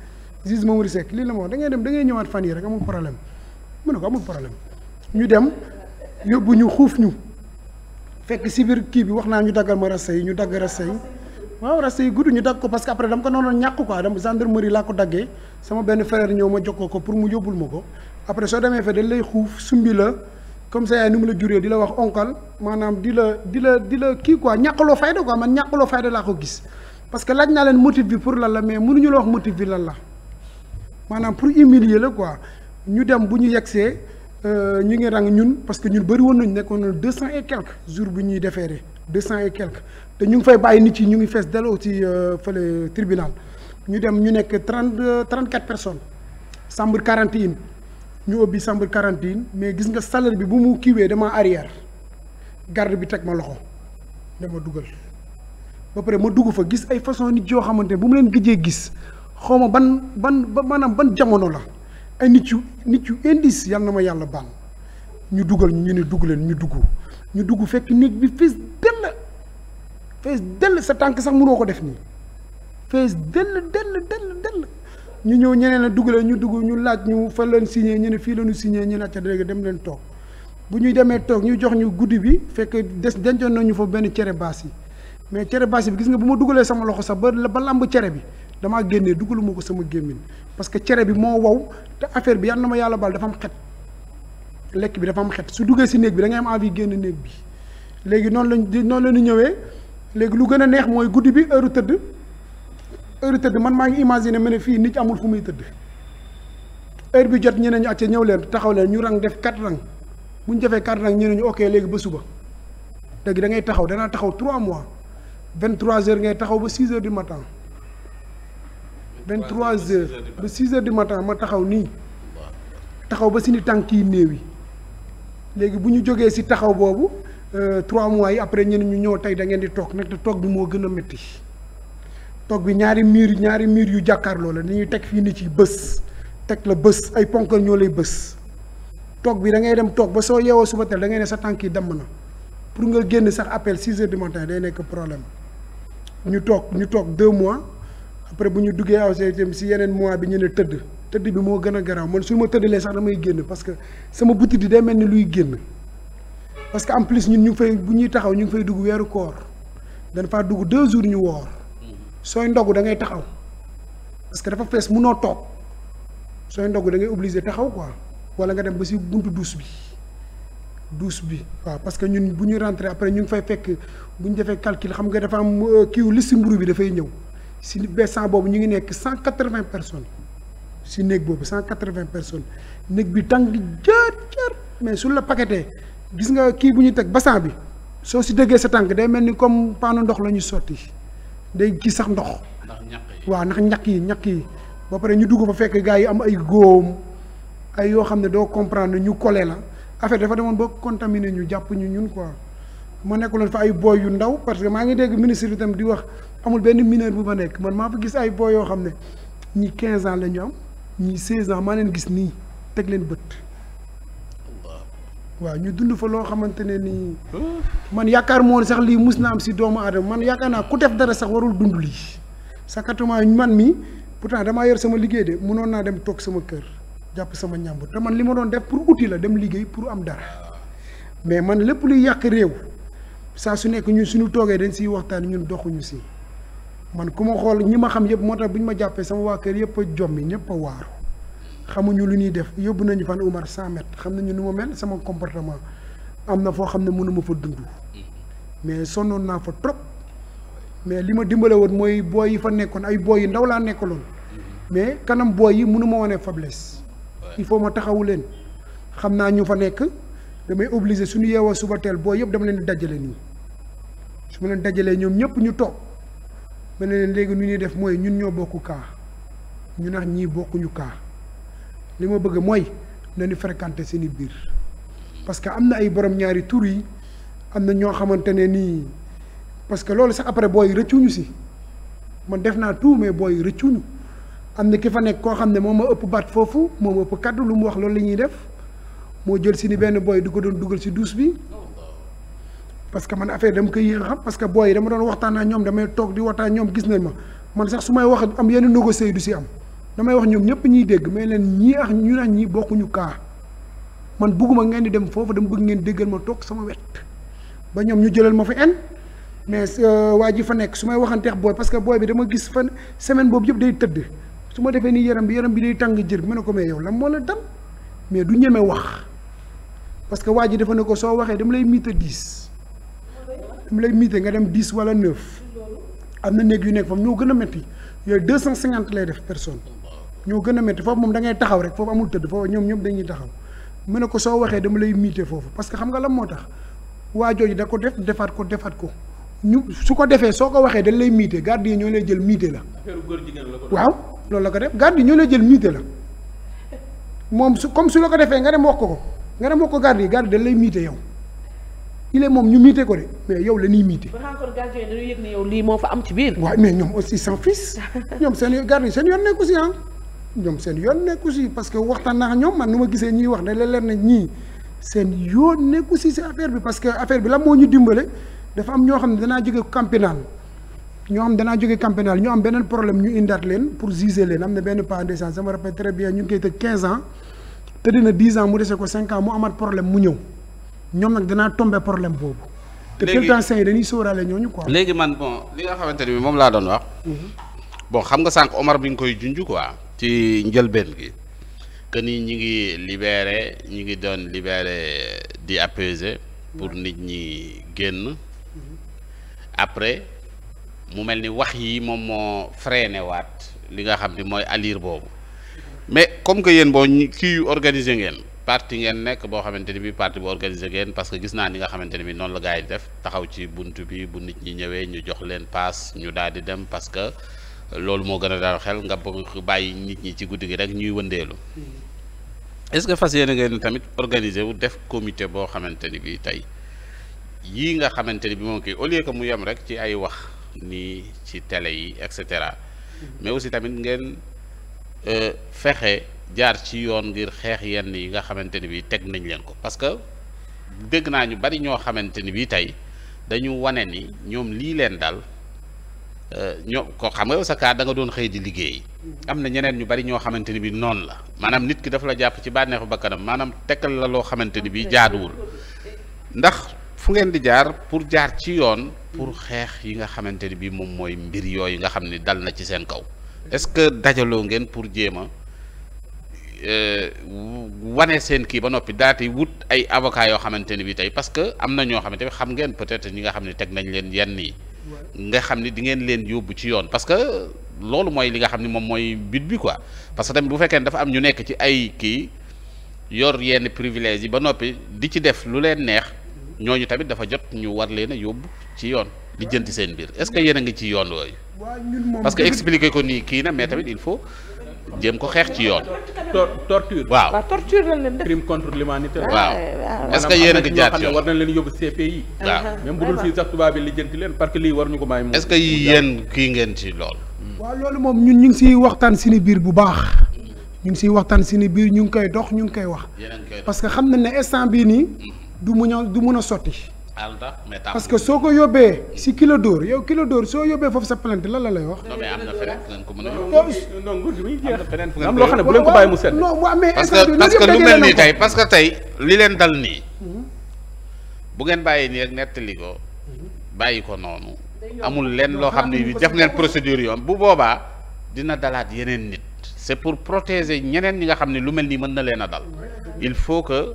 juge Mamadou Seck lii la ma wax da ngay dem da ngay ñëwaat fan yi rek amul problème mu ne ko amul problème ñu dem yóbbu ñu xuuf ñu fekk si biir kii bi wax naa ñu daggal ma rasta yi ñu dagg rasta yi waaw rasta yi ñu dagg ko parce que après dama ko noonu ñàkk quoi dama gendarmerie laa ko daggee sama benn frère ñëw ma jokkoo ko pour mu yóbbul ma ko après soo demee fa dañ lay xuuf sumbi la comme ça yaay ni mu la juree di la wax onkal maanaam di la di la di la kii quoi ñàkkaloo fayda quoi man ñàkkaloo fayda laa ko gis parce que laaj naa leen motif bi pour lan la mais mënuñu la wax motif bi lan la maanaam pour humilier la quoi ñu dem bu ñu yegsee Euh, ñu ngi rang ñun parce que ñun bëri woon nañu nekkoon na deux cent et quelques jour bu ñuy déféré deux cent et quelques te ñu ngi fay bàyyi nit yi ñu ngi fees delloo ci euh, fële tribunal ñu dem ñu nekk trente euh, trente quatre personnes chambre quarantine ñu ubbi chambre quarantine mais gis nga salaire bi bu mu kiiwee dama arrière garde bi teg ma loxo dama dugal ba pare ma dugg fa gis ay façon nit joo xamante ne bu mu leen gëjee gis xaw ma ban ban ba maanaam ban jamono la. ay nit yu nit yu indice yàlla na ma yàlla baal ñu dugal ñu ne dugg leen ñu dugg ñu dugg fekk nit bi fees dell fees dell sa tànk sax mënoo ko def nii fees dell dell dell dell ñu ñëw ñeneen la dugg leen ñu dugg ñu laaj ñu fa leen signé ñu ne fii la ñu signé ñu ne ca dem leen toog bu ñuy demee toog ñu jox ñu guddi bi fekk des dencoon nañu fa benn cere baas yi mais cere baas yi bi gis nga bu ma dugalee sama loxo sax ba ba làmb cere bi damaa génnee dugaluma ko sama gémmiñ parce que cere bi moo wow te affaire bi yal na ma yàlla bal dafa am xet lekk bi dafa am xet su duggee si néeg bi da ngay am envie génn néeg bi léegi noonu lañ noon la ñu ñëwee léegi lu gën a neex mooy guddi bi heure tëdd heure tëdd man maa ngi imaginer ma ne fii nit amul fu muy tëdd heure bi jot ñeneen ñu acca ñëw leen taxaw leen ñu rang def quatre rang bu ñu defee quatre rang ñeneen ñu ok léegi ba suba léegi dangay taxaw danaa taxaw trois mois vingt trois heures ngay taxaw ba six heures du matin. vingt trois heures ba six heures du matin ma taxaw nii taxaw ba suñu tànk yi néew yi léegi bu ñu jógee si taxaw boobu euh, trois mois yi après ñeneen ñu ñëw tey da ngeen di toog nag te toog moo gën a métti toog bi ñaari miir ñaari miir yu jàkkaarloo la dañuy teg fii ni ci bës teg la bës ay ponkal ñoo lay bës toog bi da ngay dem toog ba soo yeewoo suba teel da ne sa yi damm na pour nga génn sax appel six heures day nekk problème ñu toog ñu toog deux mois après bu ñu duggee aw tam si yeneen mois bi ñu ne tëdd tëdd bi moo gën a garaaw man su ma tëddalee sax damay génn parce que sama butit di day mel ni luy génn parce que en plus ñun ñu ngi fay bu ñuy taxaw ñu ngi fay dugg weeru koor dañ faa dugg deux jours ñu woor sooy ndogu da ngay taxaw parce que dafa fees munoo toog sooy ndogu da ngay obligé taxaw quoi wala nga dem ba si buntu douche bi douche bi waaw parce que ñun bu ñu rentré après ñu ngi fay fekk bu ñu defee calcul xam nga dafa am euh, kiiw li si mburu bi dafay ñëw si bessan boobu ñu ngi nekk cent quatre-vingts personnes si néeg boobu cent quatre-vingts personnes néeg bi tàng jër jër mais su la paquetee gis nga kii bu ñu teg bassan bi soo si dëggee sa tànk day mel ni comme paano ndox la ñu sotti day kii sax ndox waa ndax ñaq yi ñaq yi ba pare ñu dugg fa fekk gars yi am ay góom ay yoo xam ne doo comprendre ñu collé la affaire dafa demoon ba contaminé ñu jàpp ñu ñun quoi ma nekkuloon fa ay booy yu ndaw parce que maa ngi dégg ministre bi di wax amul benn mineur bu fa nekk man maa fa gis ay boo yoo xam ne ñii quinze ans la ñu am ñii seize ans maa leen gis nii teg leen bët waaw ñu dund fa loo xamante ne nii man yaakaar moon sax lii mus na am si doomu aadama man yaakaar naa ku def dara sax warul dund lii sakatuma man mi pourtant damaa yor sama liggéey de mënoon naa dem toog sama kër jàpp sama ñàmbur te man li ma doon def pour outil la dem liggéey pour am dara mais man lépp luy yàq réew saa su nekk ñun suñu toogee dañ siy waxtaan ñun doxuñu si man ku ma xool ñi ma xam yëpp moo tax bu ñu ma jàppee sama waa kër yëpp a jommi ñëpp a waaru xamuñu lu ñuy def yóbbu nañu fan Umar 100 mètres xam nañu nu ma mel sama comportement am na foo xam ne mënu ma fa dund mais sonnoon naa fa trop mais li ma dimbale woon mooy booy yi fa nekkoon ay booy yu ndaw laa nekkaloon mais kanam booy yi mënu ma wane faiblesse il faut ma taxawu leen xam naa ñu fa nekk damay obligé suñu yeewoo suba teel booy yëpp dama leen di dajale nii su ma leen dajalee ñoom ñëpp ñu toog ma ne léegi nu ñuy def mooy ñun ñoo bokk kaa ñu nax ñii bokkuñu kaa li ma bëgg mooy nañu fréquenter seen i biir parce que am na ay borom ñaari tur yi am na ñoo xamante ne nii parce que loolu sax après booy rëccuñu si man def naa tout mais booy rëccuñu am na ki fa nekk koo xam ne moom ma ëpp baat foofu moom ëpp kaddu lu mu wax loolu la ñuy def moo jël si benn booy du ko doon dugal si duus bi. parce que man affaire dama koy yéex a que booy yi dama doon waxtaan ak ñoom damay toog di waxtaan ñoom gis nañ ma man sax su may wax am yenn négocié du si am damay wax ñoom ñëpp ñuy dégg mais leen ñii ak ñu naan ñii bokkuñu kaa man bugguma ngeen di dem foofu dama bëgg ngeen déggal ma toog sama wet ba ñoom ñu jëlal ma fa en mais euh, waa ji fa nekk su may waxanteex booy parce que booy bi dama gis fan semaine boobu yëpp day tëdd su ma defee nii yaram bi yaram bi day tàng jër bi ne ko mais yow lan moo la dam mais du ñeme wax parce que waa ji dafa ne ko soo waxee dama lay miita diis mu lay miite nga dem dix walla neuf am na néeg yu nekk foofu ñoo gën a métti yooyu cent cinquante lay def personne ñoo gën a métti foofu moom da ngay taxaw rek foofu amul tëdd foofu ñoom ñëpp dañuy taxaw mu ne ko soo waxee dama lay miite foofu parce que xam nga la moo tax waa jooju da ko def defaat ko defaat ko ñu su ko defee soo ko waxee dañ lay miite garde yi ñoo lay jël miite la. waaw loolu la ko def garde yi ñoo lay jël miite la moom su comme su la ko defee nga dem wax ko ko nga dem wax ko garde yi garde dañ lay miite yow. il est moom ñu miite ko de mais yow la ñuy ne yow am ci biir. waaw mais ñoom aussi sans fils ñoom yoon gardien seen ah. que waxtaan naa ñoom man nu ma gisee ñuy wax la leen ne ñii seen yoon nekk aussi bi parce que affaire bi la moo ñu dimbale dafa am ñoo xam ne danaa jóge camp pénal danaa jóge camp pénal ñu am beneen problème ñu indaat leen pour juger leen am na benn parent de ça je me rappelle très bien ñu ngi koy ans te dina ans mu dese ko 5 ans mu amaat problème mu ñëw. ñoom nag danaa tombé problème boobu. te politiciens yi dañuy sóoraale ñooñu quoi. léegi man bon li nga xamante ni moom laa doon wax. Mhm. bon xam nga sànq Omar bi nga koy junj quoi. ci njëlbeen gi. que ni ñu ngi libéré ñu ngi doon libéré di apaiser pour nit ñi génn après mu mel ni wax yi moom moo freiné waat li nga xam ni mooy aliir boobu mais comme que yéen boo kii organiser ngeen. parti ngeen nekk boo xamante ni bi parti bu organisé ngeen parce que gis naa ni nga xamante ni bi noonu la gars yi def taxaw ci bunt bi bu nit ñi ñëwee ñu jox leen paas ñu daal di dem parce que loolu moo gën a daal xel nga bàyyi nit ñi ci guddi gi rek ñuy wëndeelu hmm. est-ce que fas yéene ngeen tamit organiser wu def comité boo xamante ni bi tey yii nga xamante ni bi moom kii au lieu que mu yem rek ci ay wax nii ci télé yi et cetera hmm. mais aussi tamit ngeen euh, fexe jaar ci yoon ngir xeex yenn yi nga xamante ni bi teg nañ leen ko parce que dégg naa ñu bari ñoo xamante ni bi tey dañu wane ni ñoom lii leen dal euh, ñoom ko xam nga sa kaa da nga doon xëy di liggéey am na ñeneen ñu bari ñoo xamante ni bi noonu la maanaam nit ki dafa la jàpp ci bànneexu bakkanam maanaam tekkal la loo xamante ni bi jaaduwul ndax fu ngeen di jaar pour jaar ci yoon pour xeex yi nga xamante ni bi moom mooy mbir yooyu nga xam ni dal na ci seen kaw est ngeen pour jéem Euh, wane seen kii ba noppi daati wut ay avocat yoo xamante ni bi tey parce que am na ñoo xam ne xam ngeen peut-être ñi nga xam ne teg nañ leen yenn yi nga xam ni di ngeen leen yóbbu ci yoon parce que loolu mooy li nga xam ni moom mooy but bi quoi parce que tamit bu fekkee ne dafa am ñu nekk ci ay kii yor yenn privilège yi ba noppi di ci def lu leen neex ñooñu tamit dafa jot ñu war leen a yóbbu ci yoon di jënti seen biir est-ce que yéen a ngi ci yoon yooyu parce que expliquer jéem ko xeex ci yoon. torture waaw waaw torture lañ leen def. crime contre l'humanité ah, waaw est-ce que yéen war nañ leen yóbbu CPI. waaw même bu dul fii sax tubaab leen parce que lii war ñu ko bàyyi. est-ce que yéen kii ngeen ci lool. Hmm. waaw loolu moom ñun ñu ngi siy waxtaan suñu biir bu baax ñu ngi siy waxtaan suñu biir ñu ngi koy dox ñu ngi koy wax. parce que xam nañ ne instant bii nii hmm. du mu a du mun a sotti. parce que soo ko yóbbee si kilo dóor yow kilo dóor soo yóbbee foofu sa plainte lan la lay wax. non mais am na feneen fu ngeen ko mën a yóbbu. am loo xam ne bu leen ko bàyyi mu sedd. non waaw mais parce que parce que lu mel nii tey parce que tey li leen dal nii. bu ngeen bàyyi nii rek nettali ko bàyyi ko noonu. amul leen loo xam ne bi def ngeen procédure yoon bu boobaa dina dalaat yeneen nit. c'est pour protéger ñeneen ñi nga xam ne lu mel nii mën na leen a dal. il faut que.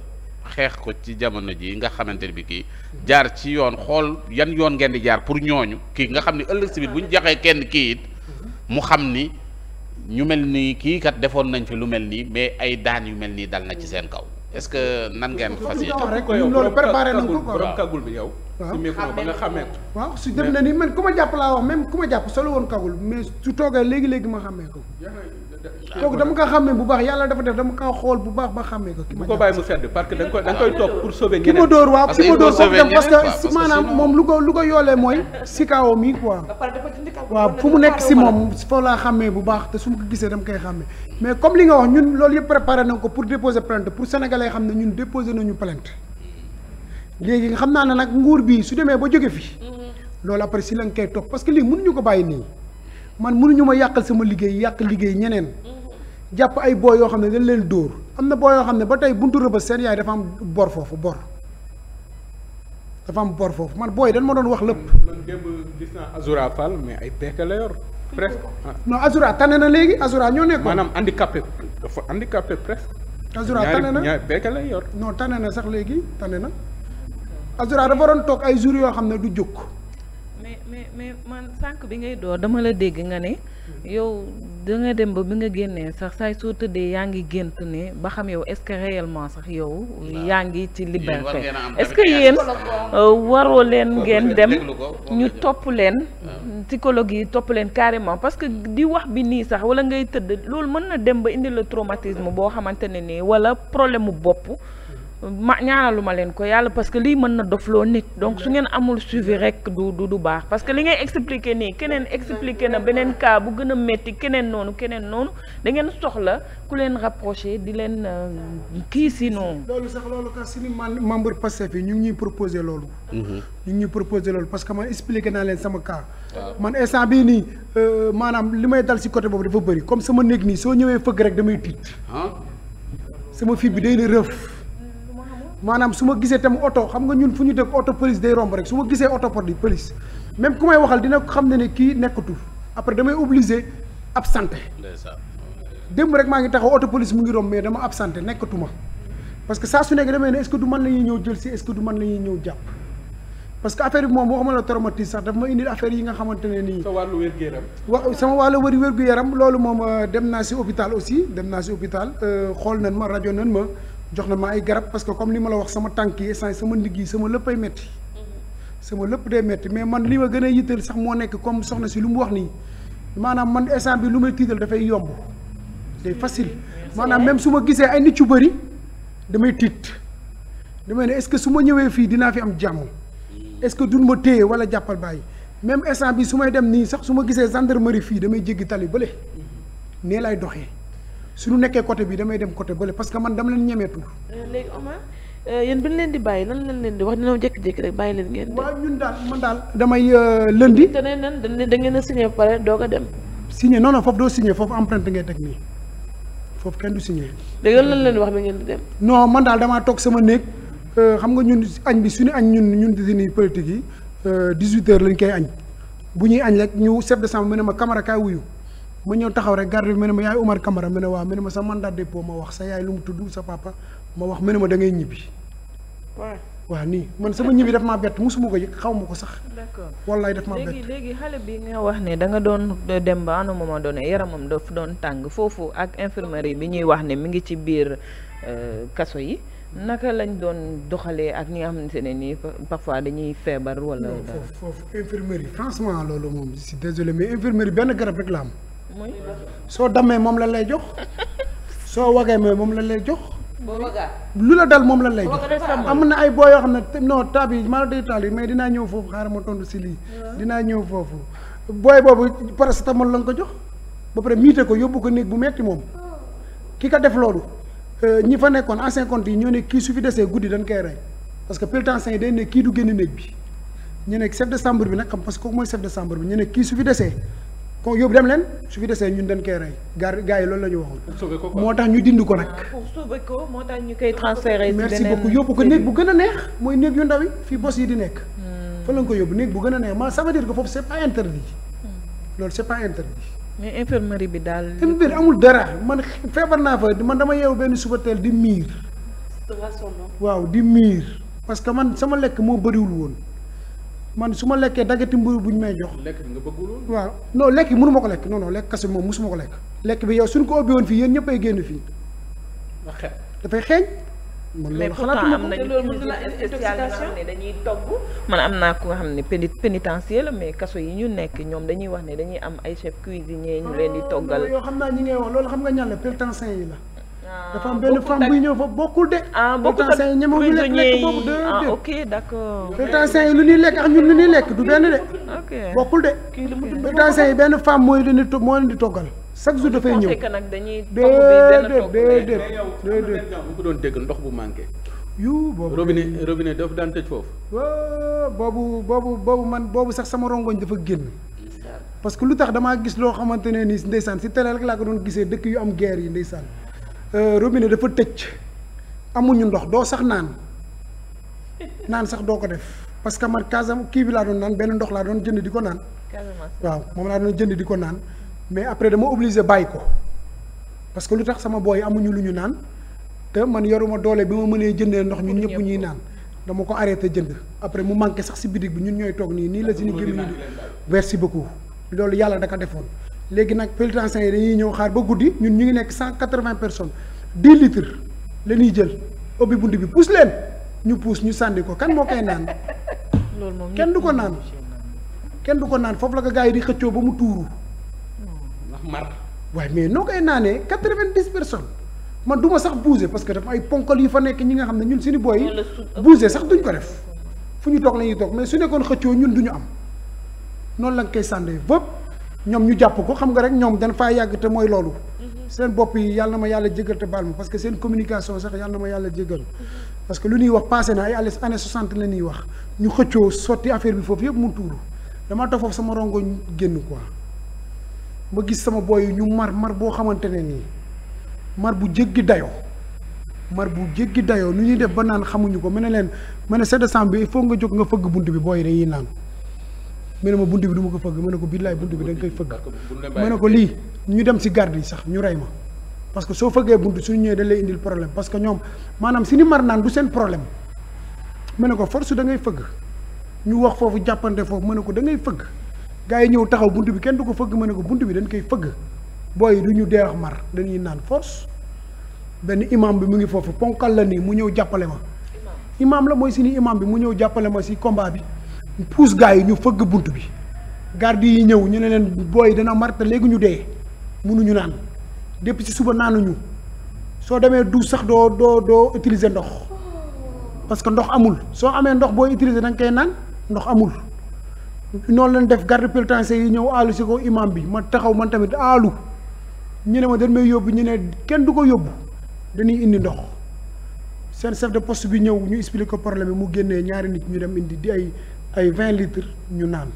xeex ko ci jamono ji nga xamante ni bi kii jaar ci yoon xool yan yoon ngeen di jaar pour ñooñu kii nga xam ni ëllëg si biir bu ñu joxee kenn kii it mu xam ni ñu mel nii kii kat defoon nañ fi lu mel nii mais ay daan yu mel nii dal na ci seen kaw est-ce que nan ngeen fas yéene. ñun loolu préparé ko bi yow. waaw ba nga xamee ko. waaw si def na ni man ku ma jàpp laa wax même ku ma jàpp solo woon kagul mais su toogee léegi léegi ma xamee ko. kooku dama ko xàmmee bu baax yàlla dafa def dama ko xool bu baax ba xàmmee ko. ki ma bu ko bàyyi mu dóor waaw ki ma dóor foofu dem parce que maanaam moom lu ko lu ko yoolee mooy si kawoo mi waaw fu mu nekk si moom foo laa xàmmee bu baax te su ma ko gisee dama koy xàmmee mais comme li nga wax ñun loolu yëpp préparé na ko pour déposer plainte pour sénégalais xam ne ñun déposer nañu plainte léegi nga xam naa ne nag nguur bi su demee ba jóge fi mm-hmm. loolu après si lañ koy toog parce ko bàyyi nii man mënuñu ma yàqal sama liggéey yàq liggéey ñeneen jàpp ay booy yoo xam ne dañ leen dóor am na booy yoo xam ne ba tey buntu rëbës seen yaay dafa am bor foofu bor dafa am bor foofu man booy dañ ma doon wax lépp. man démb mais ay pexe la yor. presque non Azura tane na léegi Azura ñoo nekk maanaam handicapé dafa handicapé presque. Azura tane na ñaari pexe lay yor. non tane na sax léegi tane na Azura dafa doon toog ay jours yoo xam ne du jóg. mais mais man sànq bi ngay door dama la dégg nga ne yow da nga dem ba bi nga génnee sax saay soo tëddee yaa ngi gént ne ba xam yow est-ce que réellement sax yow yaa ngi ci liberté est-ce que yéen euh, waroo leen ngeen dem ñu topp leen psychologue yi topp leen carrément parce que di wax bi nii sax wala ngay tëdd loolu mën na dem ba indi la traumatisme boo xamante ne nii wala problème mu bopp ma ñaanaluma leen ko yàlla parce que lii mën na loo nit donc su ngeen amul suivi rek du du baax parce que li ngay expliqué nii keneen expliqué na beneen cas bu gën a métti keneen noonu keneen noonu da ngeen soxla ku leen rapproché di leen euh, kii si noonu. loolu sax loolu ka suñu membre Pastef yi ñu ngi ñuy proposé loolu. Mhm. ñu ngi ñuy proposé loolu parce que man expliqué naa leen sama cas. man instant bii nii euh, maanaam li may dal si côté boobu dafa bëri comme sama néeg nii soo ñëwee fëgg rek damay tiit. sama fii bi day maanaam su ma gisee tam oto xam nga ñun fu ñu dëkk oto police day romb rek su ma gisee oto por di police même ku may waxal dina ko xam ne ne kii nekkatul après damay obligé absenté démb rek maa ngi taxaw oto police mu ngi romb mais dama absenté nekkatuma parce que saa su nekk damay ne est-ce du man la ñuy ñëw jël si est du man la ñuy ñëw jàpp parce que affaire bi moom ma la traumatise sax daf ma indi affaire yi nga xamante ne nii. sa wàllu wérgu yaram. wa sama wàllu wër wérgu yaram loolu euh, dem naa si hôpital aussi dem naa si hôpital euh, xool nan ma rajo nan ma jox na ma ay garab parce que comme li ma la wax sama tànk yi sama ndigg yi sama lépp ay métti sama lëpp day metti mais man li ma gën a yitteel sax moo nekk comme soxna si lu mu wax nii maanaam man instant bi lu may tiital dafay yomb day facile maanaam même su ma gisee ay nit yu bëri damay tiit damay ne est-ce que su ma ñëwee fii dinaa fi am jàmm est-ce que duñ ma téye wala jàppal bàyyi même instant bi su may dem nii sax su ma gisee gendarmerie fii damay jéggi tali bële nee lay doxee su suñu nekkee côté bi damay dem côté bële parce que man dama leen ñemeetul. Euh, léegi Omar euh, bi ñu leen di bàyyi nan lañ leen di wax dina jékki-jékki rek bàyyi leen ngeen. waaw ñun daal man daal damay euh, lundi. te nee nan da ngeen a signé pare doog a dem. signé non non foofu doo signé foofu empreinte ngay teg nii foofu kenn du signé. léegi lan lañ leen wax bi ngeen di dem. non man daal damaa toog sama néeg xam nga ñun añ bi suñu añ ñun ñun détenus politiques yi 18 heures lañ koy añ bu ñuy añ rek ñu chef de chambre ne ma camara kaay wuyu. ma ñëw taxaw rek garde bi mu ne ma yaay Umar Camara mu ne waaw mu ne ma sa mandat dépôt ma wax sa yaay lu mu tudd sa papa ma wax mu ne ma dangay ngay ñibbi. waaw waaw nii man sama ñibbi daf maa bett musuma ko xaw ma ko sax. d'accord wallaay daf ma bett léegi xale bi nga wax ne da nga doon dem ba à un moment donné yaramam daf doon tàng foofu ak infirmerie bi ñuy wax ne mi ngi ci biir euh, kaso yi naka lañ doon doxalee ak ni nga xamante ne nii parfois dañuy feebar wala. foofu foofu infirmerie franchement loolu moom je suis mais infirmerie benn garab la am. soo dammee moom lan lay jox soo wagee mooy moom lan lay jox. lu la dal moom lan lay jox. am na ay boo yoo xam ne non tab yi maa day taal yi dinaa ñëw foofu xaaral ma tontu si dinaa ñëw foofu booy boobu paracétamol la nga ko jox ba pare miite ko yóbbu ko néeg bu metti moom ki ka def loolu. Euh, ñi fa nekkoon ancien compte yi ñoo ne kii su fi desee guddi dañ koy rey parce que pénitencier yi day ne kii du génn néeg bi ñu nekk chef de chambre bi nag xam parce que kooku mooy chef de chambre bi ñu ne kii su fi desee kon yóbbu dem leen su fi desee ñun dañ koy rey gar gars yi loolu la ñu waxoon. moo tax ñu dind ko nag. pour sauver ko moo ñu koy transféré. merci beaucoup yóbbu ko néeg bu gën a neex mooy néeg yu ndaw yi fii bos yi di nekk. Hmm. ko yóbbu néeg bu gën a neex ma ça veut dire que foofu c' est pas hmm. loolu c' est mais infirmerie bi daal. infirmerie amul dara man feebar naa fa man dama yeewu benn suba teel di miir. waaw di miir. parce que man sama lekk moo bëriwul woon. man su ma lekkee daggati mburu bu ñu may jox. lekk bi nga bëggul woon. waaw non lekk bi mënu ma ko lekk non non lekk kese bi moom mosuma ko lekk. lekk bi yow suñ ko obbi woon fii yéen ñëpp ay génn fii. dafay xeeñ. man ko mais am na ñu dañuy togg. naa ku nga xam ne pénitencier la mais kaso yi ñu nekk ñoom dañuy wax ne dañuy am ay chef cuisinier ñu leen di toggal. Ah, yoo xam naa ñi ngay wax loolu xam nga ñaan la yi la. Ah, dafa am benn femme buy ñëw fa bokkul de. ah bokkul yi ñeme ñu lekk lekk boobu ah, lekk ak ñun lu ñuy lekk du benn de. ok bokkul de. pétansin yi benn femme mooy leen di moo leen di toggal. chaque jour dafay ñëw déedéet déedéet déedéet. bu ko doon dégg ndox bu manqué. yu boobu robinet robinet daf daan tëj foofu. boobu boobu boobu man boobu sax sama rongoñ dafa génn. parce que lu tax damaa gis loo xamante ne nii ndeysaan si télé rek laa ko doon gisee dëkk yu am guerre yi ndeysaan Euh, robinet dafa tëj amuñu ndox doo sax naan naan sax doo ko def parce que man Casamance kii bi laa doon naan benn ndox laa doon jënd di ko naan. waaw moom laa doon jënd di ko naan mais après dama obligé bàyyi ko parce que lu tax sama booy amuñu lu ñu naan te man yoruma doole bi ma mënee jëndee ndox ñu ñëpp ñuy naan dama ko arrêté jënd après mu manqué sax si bitig bi ñun ñooy toog nii nii la si ni gémmiñu merci beaucoup loolu yàlla da ko defoon. léegi nag pénitenciers yi dañuy ñëw xaar ba guddi ñun ñu ngi nekk cent quatre-vingts personnes dix litres la ñuy jël ubbi bunt bi puus leen ñu puus ñu sànni ko kan moo koy naan kenn du ko naan kenn du ko naan foofu la ko gars yi di xëccoo ba mu tuuru ndax mar waaye mais noo koy naanee quatre-vingt-dix personnes man du ma sax bougé parce que dafa ay ponkal yu fa nekk ñi nga xam ne ñun suñu booy yi bougé sax duñ ko def fu ñu toog la ñuy toog mais su nekkoon xëccoo ñun duñu am noonu la koy sàndee bopp ñoom ñu jàpp ko xam nga rek ñoom dañ faa yàgg te mooy loolu. Mhm. seen bopp yi yàlla na ma yàlla jégal te baal ma parce que seen communication sax yàlla na ma yàlla jégal. parce que lu ñuy wax passé na ay année soixante la ñuy wax ñu xëccoo sotti affaire bi foofu yëpp mu tuuru dama toog foofu sama rongoñ génn quoi ma gis sama boy ñu mar mar boo xamante ne nii mar bu jéggi dayoo. mar bu jéggi dayoo nu ñuy def ba naan xamuñu ko mu ne leen ma ne 7 décembre bi nga jóg nga fëgg bi booy yi dañuy mu ne ma bunt bi du ma ko fëgg ma ne ko billaay bunt bi da nga koy fëgg ma ko lii ñu dem si garde yi sax ñu rey ma parce que soo fëggee bunt suñu ñëwee da indil problème parce que ñoom maanaam si ni mar naan du seen problème ma ne ko force da ngay fëgg ñu wax foofu jàppante foofu ma ne ko da ngay fëgg gars yi ñëw taxaw bunt bi kenn du ko fëgg ma ne ko bunt bi dañ koy fëgg booy yi du ñu deex mar dañuy naan force benn imam bi mu ngi foofu ponkal la nii mu ñëw jàppale ma imam la mooy si ni bi mu ñëw jàppale ma si combat bi pousse gars yi ñu fëgg bunt bi garde yi ñëw ñu ne leen booy dana mar te léegi ñu dee mënuñu naan depuis ci suba naanuñu soo demee du sax doo doo doo utiliser ndox parce que ndox amul soo amee ndox booy utiliser da koy naan ndox amul noonu leen def garde pénitentiaire yi ñëw aalu si ko imam bi ma taxaw man tamit aalu ñu ne ma dañ may yóbbu ñu ne kenn du ko yóbbu dañuy indi ndox seen chef de post bi ñëw ñu expliqué ko problème bi mu génnee ñaari nit ñu dem indi di ay ay vingt litre ñu naan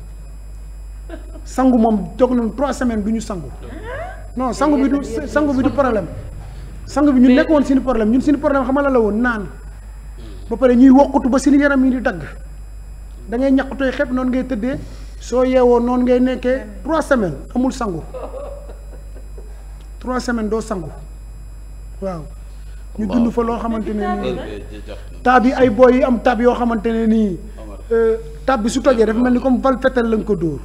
sangu moom toog nañ trois semaine du ñu sangu non sangu bi du sangu bi du problème sangu bi ñu nekk woon suñu problème ñun suñu problème xamala la woon naan ba pare ñuy wokkutu ba suñu yaram yi di dagg da ngay ñaqutooy xepp noonu ngay tëddee soo yeewoo noonu ngay nekkee trois semaine amul sangu trois semaine doo sangu waaw ñu dund fa loo xamante ne nii tab yi ay booy yi am tab yoo xamante ne nii tab bi su tojee dafa mel ni comme bal fetal lañ ko dóor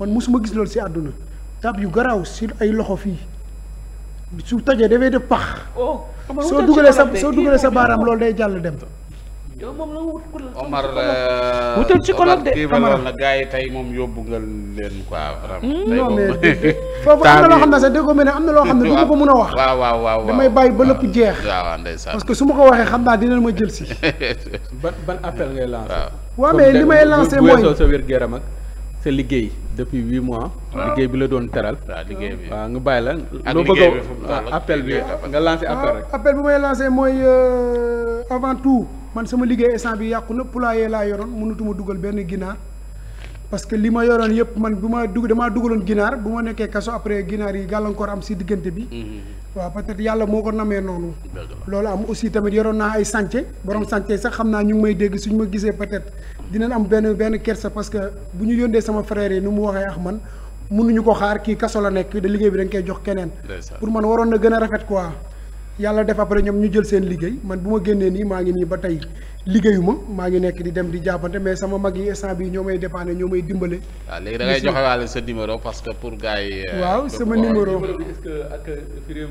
man mosuma gis loolu si àdduna tab yu garaaw si ay loxo fii su tojee dafay def pax oh, soo dugalee sa soo dugalee sa baaraam loolu day jàll dem yow moom la wut Omar euh, wutal psychologue de Omar na yi tey moom yóbbu nga leen quoi. Hmm, non mais foofu am na loo xam ne sax ne am na loo xam ne du ma ko mën a wax. waaw waaw waaw damay bàyyi ba lépp jeex. parce que su ma ko waxee xam naa dinañ ma jël si. ban ban appel ngay lancer. waaw mais li may lancer mooy comme sa wér géram ak sa liggéey depuis huit mois. liggéey bi la doon teral. waaw liggéey bi waaw nga bàyyi la. loo bëgg a appel bi nga lancer appel ah, rek. appel bu may lancer mooy euh, avant tout. man sama liggéey instant bi yàqu na poulailler laa yoroon mënutuma dugal benn ginaar parce que li ma yoroon yëpp man bu ma dug damaa dugaloon ginaar bu ma nekkee kaso après ginaar yi gàllankoor am si diggante bi mhm. waaw peut yàlla moo ko namee noonu loolu am aussi tamit yoroon naa ay sance borom sànce sax xam naa ñu ngi may dégg suñu ma gisee peut-être dinañ am benn benn kersa parce que bu ñu yóndee sama frère yi nu mu waxee ax man munuñu ko xaar kii kaso la nekk liggéey bi dañ koy jox keneen pour man waroon na gën a rafet quoi yàlla def après ñoom ñu jël seen liggéey man bu ma génnee nii maa ngi nii ba tey liggéeyuma maa ngi nekk di dem di jàppante mais sama mag yi instant bi ñoo may dépanner ñoo may dimbale. waaw ah, da ngay joxe waale sa numéro parce que pour gars yi. Euh, waaw sama numéro bi est-ce que ak fi réew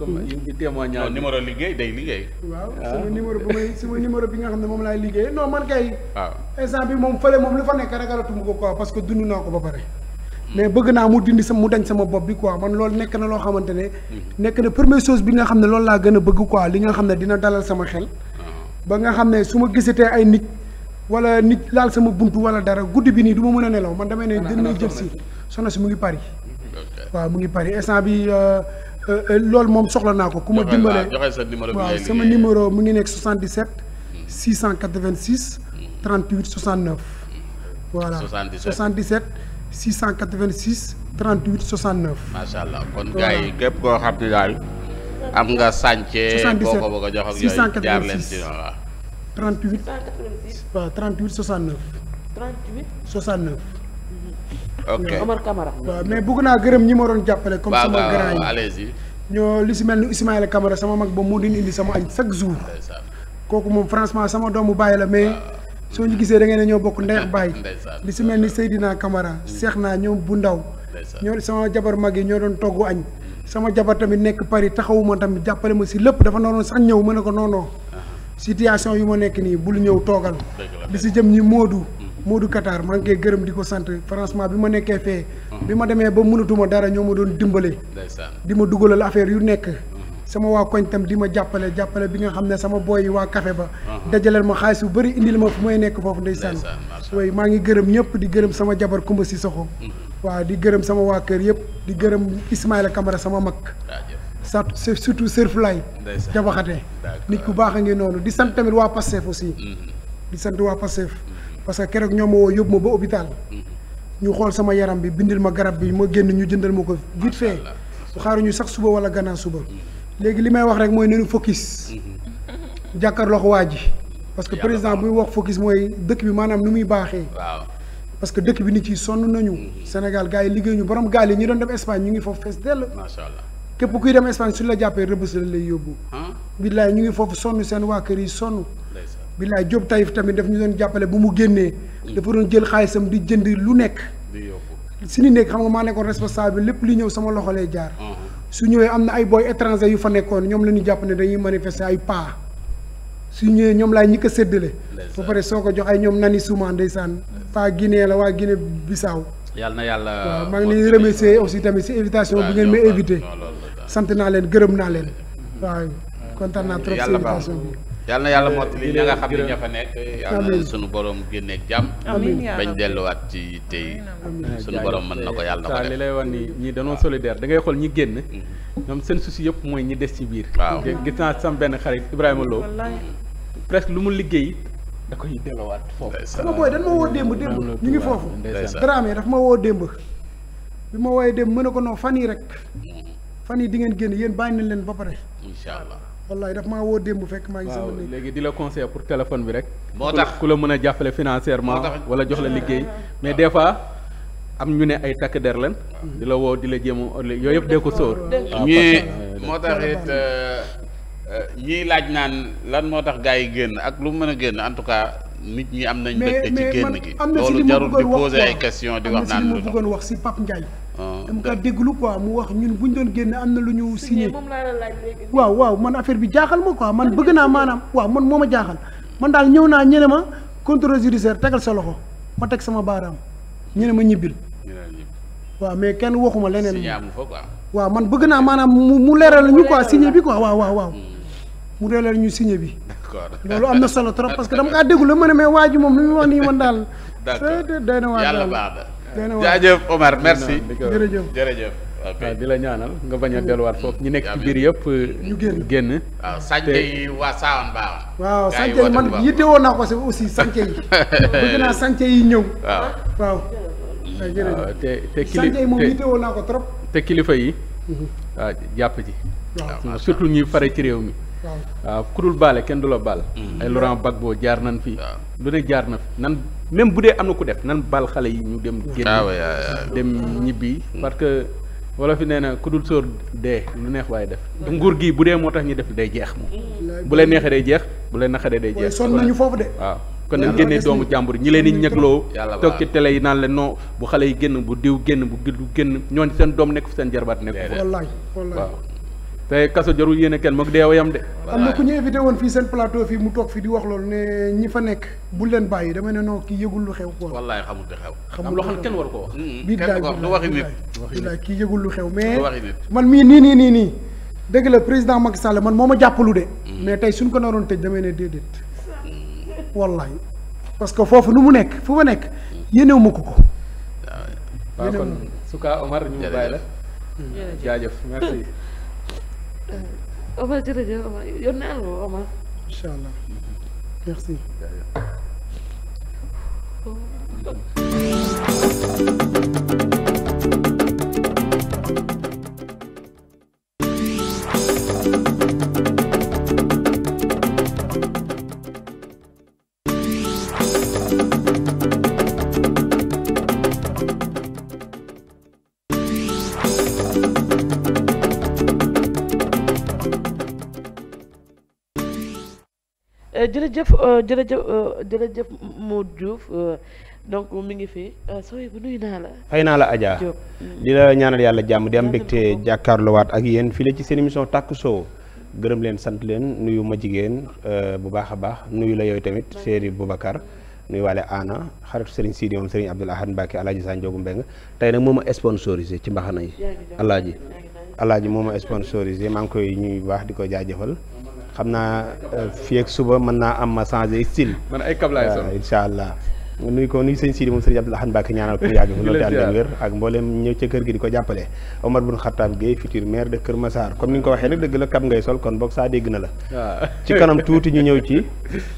hmm. liggéey day liggéey. waaw ah. sama numéro bu may sama numéro bi nga xam ne moom laay liggéey non man kay. waaw ah. instant moom fële moom lu fa nekk ragalatuma ko quoi parce que dund naa ko ba pare. mais bëgg naa mu dindi sama mu dañ sama bopp bi quoi man loolu nekk na loo xamante ne. Mm-hmm. nekk na première chose bi nga xam ne loolu laa gën a bëgg quoi li nga xam ne dina dalal sama xel. Ah. ba nga xam ne su ma gisatee ay nit. wala nit laal sama buntu wala dara guddi bi nii du ma mën a nelaw man damay ne dina jël si soxna si mu ngi Paris. waaw mu ngi Paris essant bi euh, euh, euh, loolu moom soxla naa ko. ku ma dimbale waaw sama numéro mu ngi nekk 77. 686. 38 69. voilà 77 77. 686 38 69. macha allah kon gars képp koo xam ne daal am nga sànce. 77 boo ko bëgg a jox ak yooyu jaar leen ci waaw. 38 waaw 38 69. 38 69. waaw mais bëgg naa gërëm ñi ma doon jàppale. comme sama grand allez y ñoo li si mel ni Ismaïla Camara sama mag ba moo di indi sama añ chaque jour. kooku moom franchement sama doomu bàyyi la mais. soo ñu gisee da ngeen ne ñoo bokk ndeex baay li si mel ni Seydina kamara seex naa ñëw bu ndaw ñoo sama jabar mag yi ñoo doon togg añ sama jabar tamit nekk Paris taxawuma tamit jàppale ma si lépp dafa noonu sax ñëw mën ne ko noonoo uh-huh. situation yu ma nekk nii bul ñëw toogal bi si jëm ñi moodu mm-hmm. moodu Qatar maa ngi koy gërëm di ko sant franchement bi ma nekkee fee mm-hmm. bi ma demee ba mënatuma dara ñoo ma doon dimbale di ma dugalal affaire yu nekk sama waa koñ tam di ma jàppale jàppale bi nga xam ne sama booy yi waa kafe ba uh-huh. dajaleel ma xaalis bu bëri indil ma fu may nekk foofu ndeysaan way maa ngi gërëm ñëpp di gërëm sama jabar Kumba Sissoko uh-huh. waaw di gërëm sama waa kër yëpp di gërëm Ismaïla Camara sama mag sa surtout surf lay jabaxate ku baax a ngi noonu di sant tamit waa Pastef aussi uh-huh. di sant waa Pastef parce que keroog ñoo ma woo yóbbu ma ba hôpital ñu xool sama yaram bi bindil ma garab bi ma génn ñu jëndal ma ko vite fait bu xaaruñu sax suba wala gannaaw suba léegi li may wax rek mooy nañu focus. Mm-hmm. jàkkaarloo ko waa ji. parce que président buy wax fokkis mooy dëkk bi maanaam ni muy baaxee. waaw parce que dëkk bi nit yi sonn nañu. Mm-hmm. Sénégal gars yi liggéey ñu borom gaal yi ñu doon dem Espagne ñu ngi foofu fees dell. macha allah képp kuy dem Espagne suñu la jàppee rëbës la lay yóbbu. billaay ñu ngi foofu sonn seen waa kër yi sonn. billaay Diop Taïf tamit daf ñu doon jàppale bu mu génnee. Mm. dafa doon jël xaalisam di jënd lu nekk. si ni nekk xam nga maa nekkoon responsable lépp li ñëw sama loxo lay jaar. Uh-huh. su ñëwee am na ay boy étranger yu fa nekkoon ñoom la ñu jàpp ne dañuy manifester ay pas su ñëwee ñoom laay ñi ko séddale. ba pare soo ko jox ay ñoom nani souvent ndeysaan. pas ginee la waa Guinée Bissau. yàlla na yàlla waaw maa ngi leen remercier tamit si invitation bi ngeen may éviter sant naa leen gërëm naa leen waaw kontaan naa trop si invitation bi. yàlla na yàlla mottali ña nga xam ne ña fa nekk yàlla na sunu borom génneeg jàmm. bañ delluwaat ci tey sunu borom mën na ko yàlla na ko def li lay wax ni ñi danoo solidaire da ngay xool ñi génn. Mm-hmm. ñoom seen souci yëpp mooy ñi des ci biir. waaw gis naa sam benn xarit Ibrahima Lo presque lu mu liggéey. da koy delluwaat foofu. sama booy dañ ma woo démb démb ñu ngi foofu. Dramé daf ma woo démb. bi ma wooyee démb mën na ko noo fan yi rek mm-hmm. fan yi di ngeen génn yéen bàyyi leen ba pare. incha allah wallaay daf maa woo démb fekk maa ngi sama léegi di la conseil pour téléphone bi rek moo tax ku la mën a jàppale financièrement wala jox la liggéey mais des fois am ñu ne ay takk der lan mm-hmm. di la woo di la jéem a yooyu yëpp dee ko sóor ñii euh, moo tax it euh, euh, ñii laaj naan lan moo tax gars yi génn ak lu mën a génn en tout cas nit ñi am nañ mbégte ci génn gi loolu jarul di poser ay question di wax naan lu tax si li ma bëggoon Ah, dama kaa dégglu quoi mu wax ñun bu ñu doon génn am na lu ñu signé waaw waaw man affaire bi jaaxal ma quoi man bëgg naa maanaam waaw man moo ma jaaxal man daal ñëw naa ñene ma contrôle judiciaire tegal sa loxo ma teg sama baaraam ñene ma ñibbil waaw mais kenn waxuma leneen waaw man bëgg naa maanaam mu mu leeral ñu quoi signé bi quoi waaw waaw hmm. mu leeral ñu signé bi loolu am na solo trop parce que dama kaa dégglu ma ne mais waa ji moom lu muy nii man daal day na waa jaajëf Omar merci jërëjëf jërëjëf di la ñaanal nga bañ a delluwaat foofu ñu nekk ci biir yëpp ñu génn génn waaw yi waa saawan baawan waaw sànke yi man yitte woon ko si aussi sànke yi bëgg naa sànke yi ñëw waaw ah, te te kilifa yi moom trop te kilifa yi mhm. ah, jàpp ji waaw ah, surtout ñuy fare ci réew mi waaw ku dul baale kenn du la baal mhm. ay Laurent Gbagbo jaar nan fii lu ne jaar na fi nan même bu dee am na ku def nan bal xale yi ñu dem. génn ah dem ñibbi. parce que wala fi nee na ku dul sóor dee lu neex waaye def. nguur gi bu dee moo tax ñu def day jeex moom. Mm. bu leen neexee day jeex bu leen naxaree day jeex. sonn nañu foofu de. waaw kon nañ génnee doomu jàmbur ñi leen di ñagloo. toog ci télé yi naan leen noo bu xale yi génn bu diw génn bu du génn ñooñu seen doom nekk fi seen jarbaat nekk. waaw te kaso jarul yéene kenn moog deew yam de. am na ku ñu invité woon fii seen plateau fii mu toog fi di wax loolu ne ñi fa nekk bu leen bàyyi dama ne non ki yëgul lu xew. wallaay xamul lu xew. xamul loo xam kenn waru ko wax. bii daay du waxi nit billaay kii yëgul lu xew mais man mii nii nii nii nii dëgg la président mag Sall man moo ma jàppalu de. Mm. mais tey suñ ko naroon tëj damay ne déedéet. wallaay parce que foofu nu mu nekk fu ma nekk mm. yéenewu ma ko ko. Ah, waaw kon la jaajëf Euh, Omar jërëjëf Omar yónnee na ma Omar. incha allah jërëjëf euh, jërëjëf euh, jërëjëf Modou Diouf euh, donc mi ngi fi sooy bu naa la. fay naa la Adja di la ñaanal yàlla jàmm di am mbégte jàkkaarloowaat ak yéen fii la ci seen émission Taku soow gërëm leen sant leen nuyu ma jigéen bu baax a baax nuyu la yooyu tamit Cheikh Boubacar nuyu waale Aana xaritu Serigne Sidi moom Serigne Abdoul Ahad Mbacke Alaaji Sa Njogu Mbeng tey nag moom a sponsorisé ci mbaxana yi Alaaji Alaaji moom a sponsorisé maa ngi koy ñuy baax di ko jaajëfal. xam naa euh, fii ak suba mën naa am ma changé style. man ay kab laay sol incha allah. nuyu ko nuyu sëñ Sidi moom sëriñ Abdoul Ahad Mbacké ñaanal ko yàgg mu loolu te ànd wér ak mbooleem ñëw ci kër gi di ko jàppale Omar Bun Khattab Gueye futur maire de Kër Massar comme ni nga ko waxee nag dëgg la kab ngay sol kon boog saa dégg na la ah. ci kanam tuuti ñu ñëw ci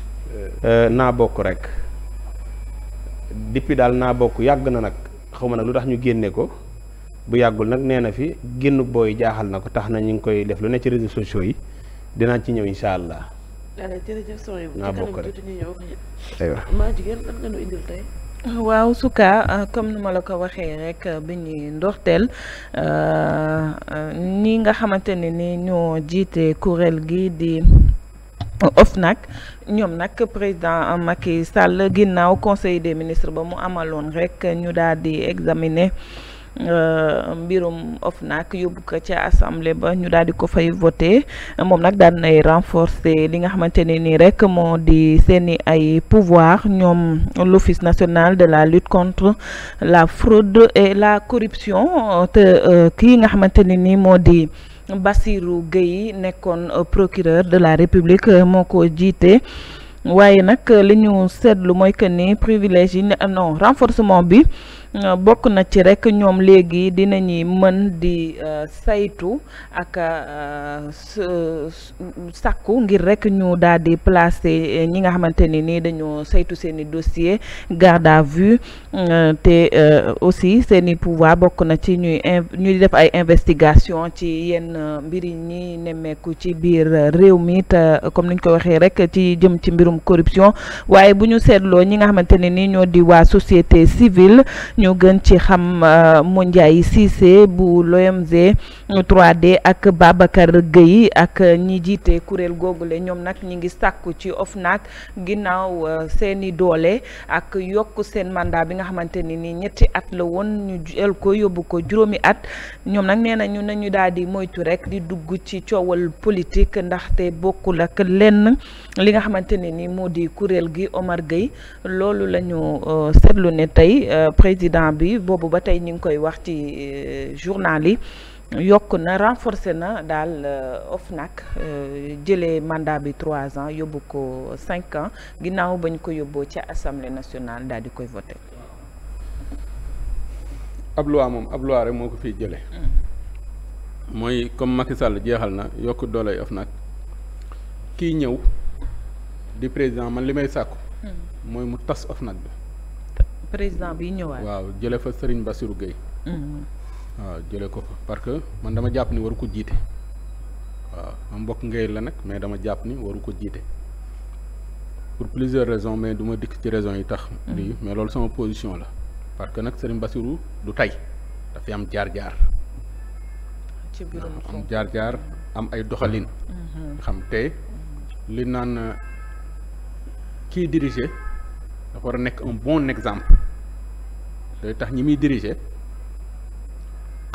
euh, naa bokk rek depuis daal naa bokk yàgg na nag xaw ma nag lu tax ñu génne ko bu yàggul nag nee na fi génn booy jaaxal na ko tax na ñu ngi koy def lu ne ci réseaux sociaux yi dinaa ci ñëw incha allah. jërëjëf waaw suka comme nu ma la ko waxee rek bi ñuy ndorteel ni euh, nga xamante ne ni ñoo jiite kuréel gi di nag ñoom nag président Macky Sall ginnaaw conseil des ministres ba mu amaloon rek ñu daal di examiner. Euh, mbirum OFNAC yóbbu ko ca assemblée ba ñu daal di ko fay voté moom nag daan nay li nga xamante ne nii rek moo di seeni ay pouvoir ñoom l'office nationale de la lutte contre la fraude et la corruption te euh, kii nga xamante ne nii moo di Bassirou Gueye nekkoon euh, procureur de la République moo ko jiite waaye nag li ñu seetlu mooy que ni privilège yi non renforcement bi Euh, bokk na ci rek ñoom léegi dina dinañuy mën di euh, saytu ak euh, sàkku ngir rek ñu daal di placer ñi nga xamante ni nii dañoo saytu seen i dossier garde à vue te aussi seen i pouvoir bokk na ci ñuy ñuy def ay investigation ci yenn mbir yi ñi nemmeeku ci biir réew mi te comme ni niñ ko waxee rek ci jëm ci mbirum corruption waaye bu ñu seetloo ñi nga xamante ne nii ñoo di waa société civile ñu gën ci xam euh, Moundiaye Cissé bu l'OMG 3D ak Babacar Gueye ak euh, ñi jiite kuréel googule ñoom nag ñi ngi sàkku ci OFNAC ginnaaw euh, seeni doole ak yokk seen mandat bi nga xamante ni nii ñetti at la woon ñu jël ko yóbbu ko juróomi at ñoom nag nee nañu nañu daal di moytu rek di dugg ci coowal politique ndaxte bokkul ak lenn li nga xamante ne ni moo di kuréel gi Omar Gueye loolu lañu ñu euh, seetlu ne tey euh, président bi boobu ba tey ñu ngi koy wax ci euh, journal yi yokk na renforcer na daal OFNAC jëlee mandat bi trois ans yóbbu ko cinq ans ginnaaw bañ ko yóbboo ci assemblée nationale daal di koy voté. ab loi moom ab loi rek moo ko fiy jëlee. Hmm. mooy comme Macky Sall jeexal na yokk dooley OFNAC kii ñëw. di président man li may sàkku. Hmm. mooy mu tas OFNAC bi. président bi ñëwaat. waaw jële fa Serigne Bassirou Gueye. Hmm. waaw jële ko parce que man dama jàpp ni waru ko jiite. mbokk ngay la nag mais dama jàpp ni waru ko jiite pour plusieurs raisons mais du ma dikk ci raisons yi tax. Hmm. lii mais loolu sama position la. parce que nag Serigne Bassirou du tey dafay am jaar-jaar. ci am jaar am ay doxalin. xam te li naan. kiy diriger dafa war a nekk un bon exemple day tax ñi muy diriger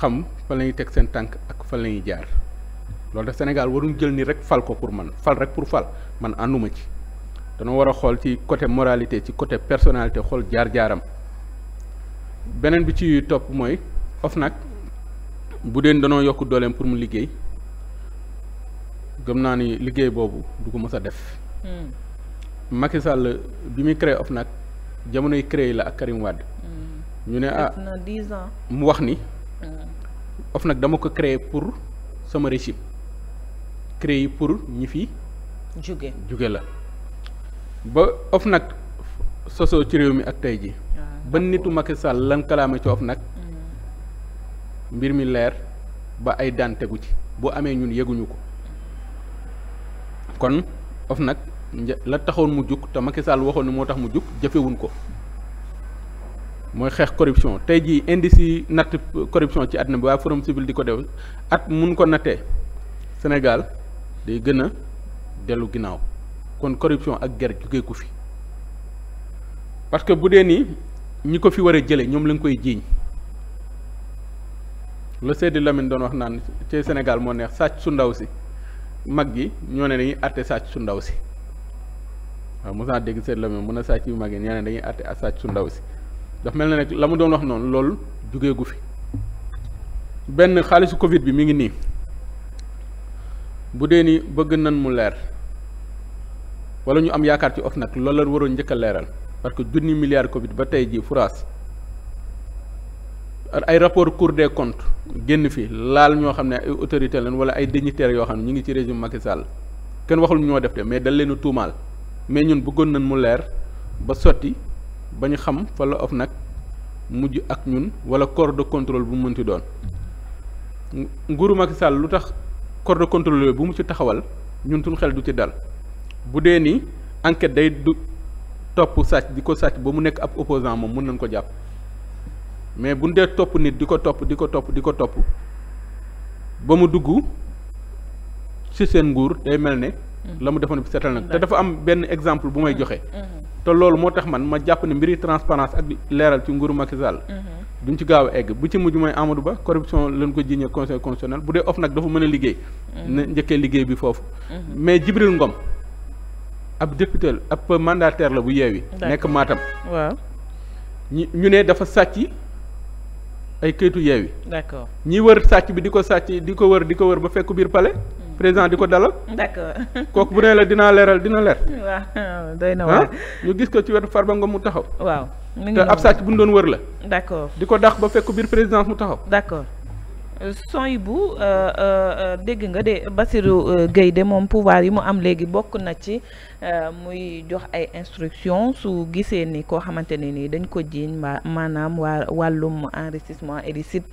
xam fa la teg seen tànk ak fa la jaar loolu de Sénégal waruñ jël ni rek fal ko pour man fal rek pour fal man ànduma ci dañoo war a xool ci côté moralité ci côté personnalité xool jaar-jaaram beneen bi ci topp mooy nag bu deen danoo yokk dooleem pour mu liggéey gëm naa ni liggéey boobu du ko mës a def. Hmm. Macky Sall bi muy créé nag jamonoy créé la ak Karim mm. ñu ne ah na mu wax ni. Mm. nag dama ko créé pour sama régime yi pour ñi fi. jóge jóge la ba of nag sosoo ci réew mi ak tey ji ah, ba nitu Macky lan kalaame ci OFNAC mm. mbir mi leer ba ay daan tegu ci bu amee ñun yéguñu ko kon OFNAC la taxoon mu jug te Macky Sall waxoon ne moo tax mu jug jëfewuñ ko mooy xeex corruption tey jii indice yi natt corruption ci àddina bi waa forum civil di ko def at mun ko nattee Sénégal day gën a dellu ginnaaw kon corruption ak ger jugee ko fi parce que bu dee nii ñi ko fi war a jëlee ñoom lañ koy jiiñ la sedd Lamine doon wax naan ci Sénégal moo neex sàcc su ndaw si mag gi ñoo ne dañuy àtte sàcc su ndaw si. waaw mos dégg seet la mais mën a sàcc yu mag yi ñeneen dañuy àtte ak sàcc su ndaw si daf mel ne nag la mu doon wax noonu loolu jugee gu fi benn xaalisu Covid bi mi ngi nii bu dee nii bëgg nan mu leer wala ñu am yaakaar ci of nag loolu la waroon njëkka leeral parce que junni milliard Covid ba tey jii France ay rapport Cour des comptes génn fi laal ñoo xam ne ay autorité lañ wala ay dignitaires yoo xam ne ñu ngi ci régime Macky Sall kenn waxul ñoo def de mais dal leen tuumaal. mais ñun bëggoon nañ mu leer ba sotti ba ñu xam fa of nag mujj ak ñun wala corps de contrôle bu mu mënti doon nguuru Macky Sall lu tax corps de contrôle yooyu bu mu ci taxawal ñun suñu xel du ci dal bu dee nii enquête day du topp sàcc di ko sàcc ba mu nekk ab opposant moom mun nañ ko jàpp mais bu ñu dee topp nit di ko topp di ko topp di ko topp ba mu dugg ci seen nguur day mel ne la mu defoon seetal nag te dafa am benn exemple bu may joxee mm-hmm. te loolu moo tax man ma jàpp ne mbiri transparence ak leeral ci nguuru Macky Sall mm-hmm. duñ ci gaaw a egg bu ci mujj mooy Amadou Ba corruption lañ ko jiiñee conseil constitutionnel bu dee of nag dafa mën a liggéey mm-hmm. na njëkkee liggéey bi foofu mais Jibril Ngom ab député ab mandataire la bu yeewi nekk Matam waaw ñu ne dafa sàcc ay kayitu yeewi d'accord ñi wër sàcc bi di ko sàcc di ko wër di ko wër ba fekk biir palais président di ko dalal. d'accord kooku bu nee la dinaa leeral dina leer. waaw doy na ah, waar ñu gis ko ci wetu Farba Ngom mu taxaw. waaw te ab sàcc bu wër la. d'accord di ko dax ba fekk biir présidence mu taxaw. d'accord. sooy bu euh, euh, euh, dégg nga de Bassirou Gueye de moom pouvoir yi mu am léegi bokk na ci muy jox ay instructions su gisee ni koo xamante ne nii dañ ko jiiñ maanaam wa wàllum enrichissement illicite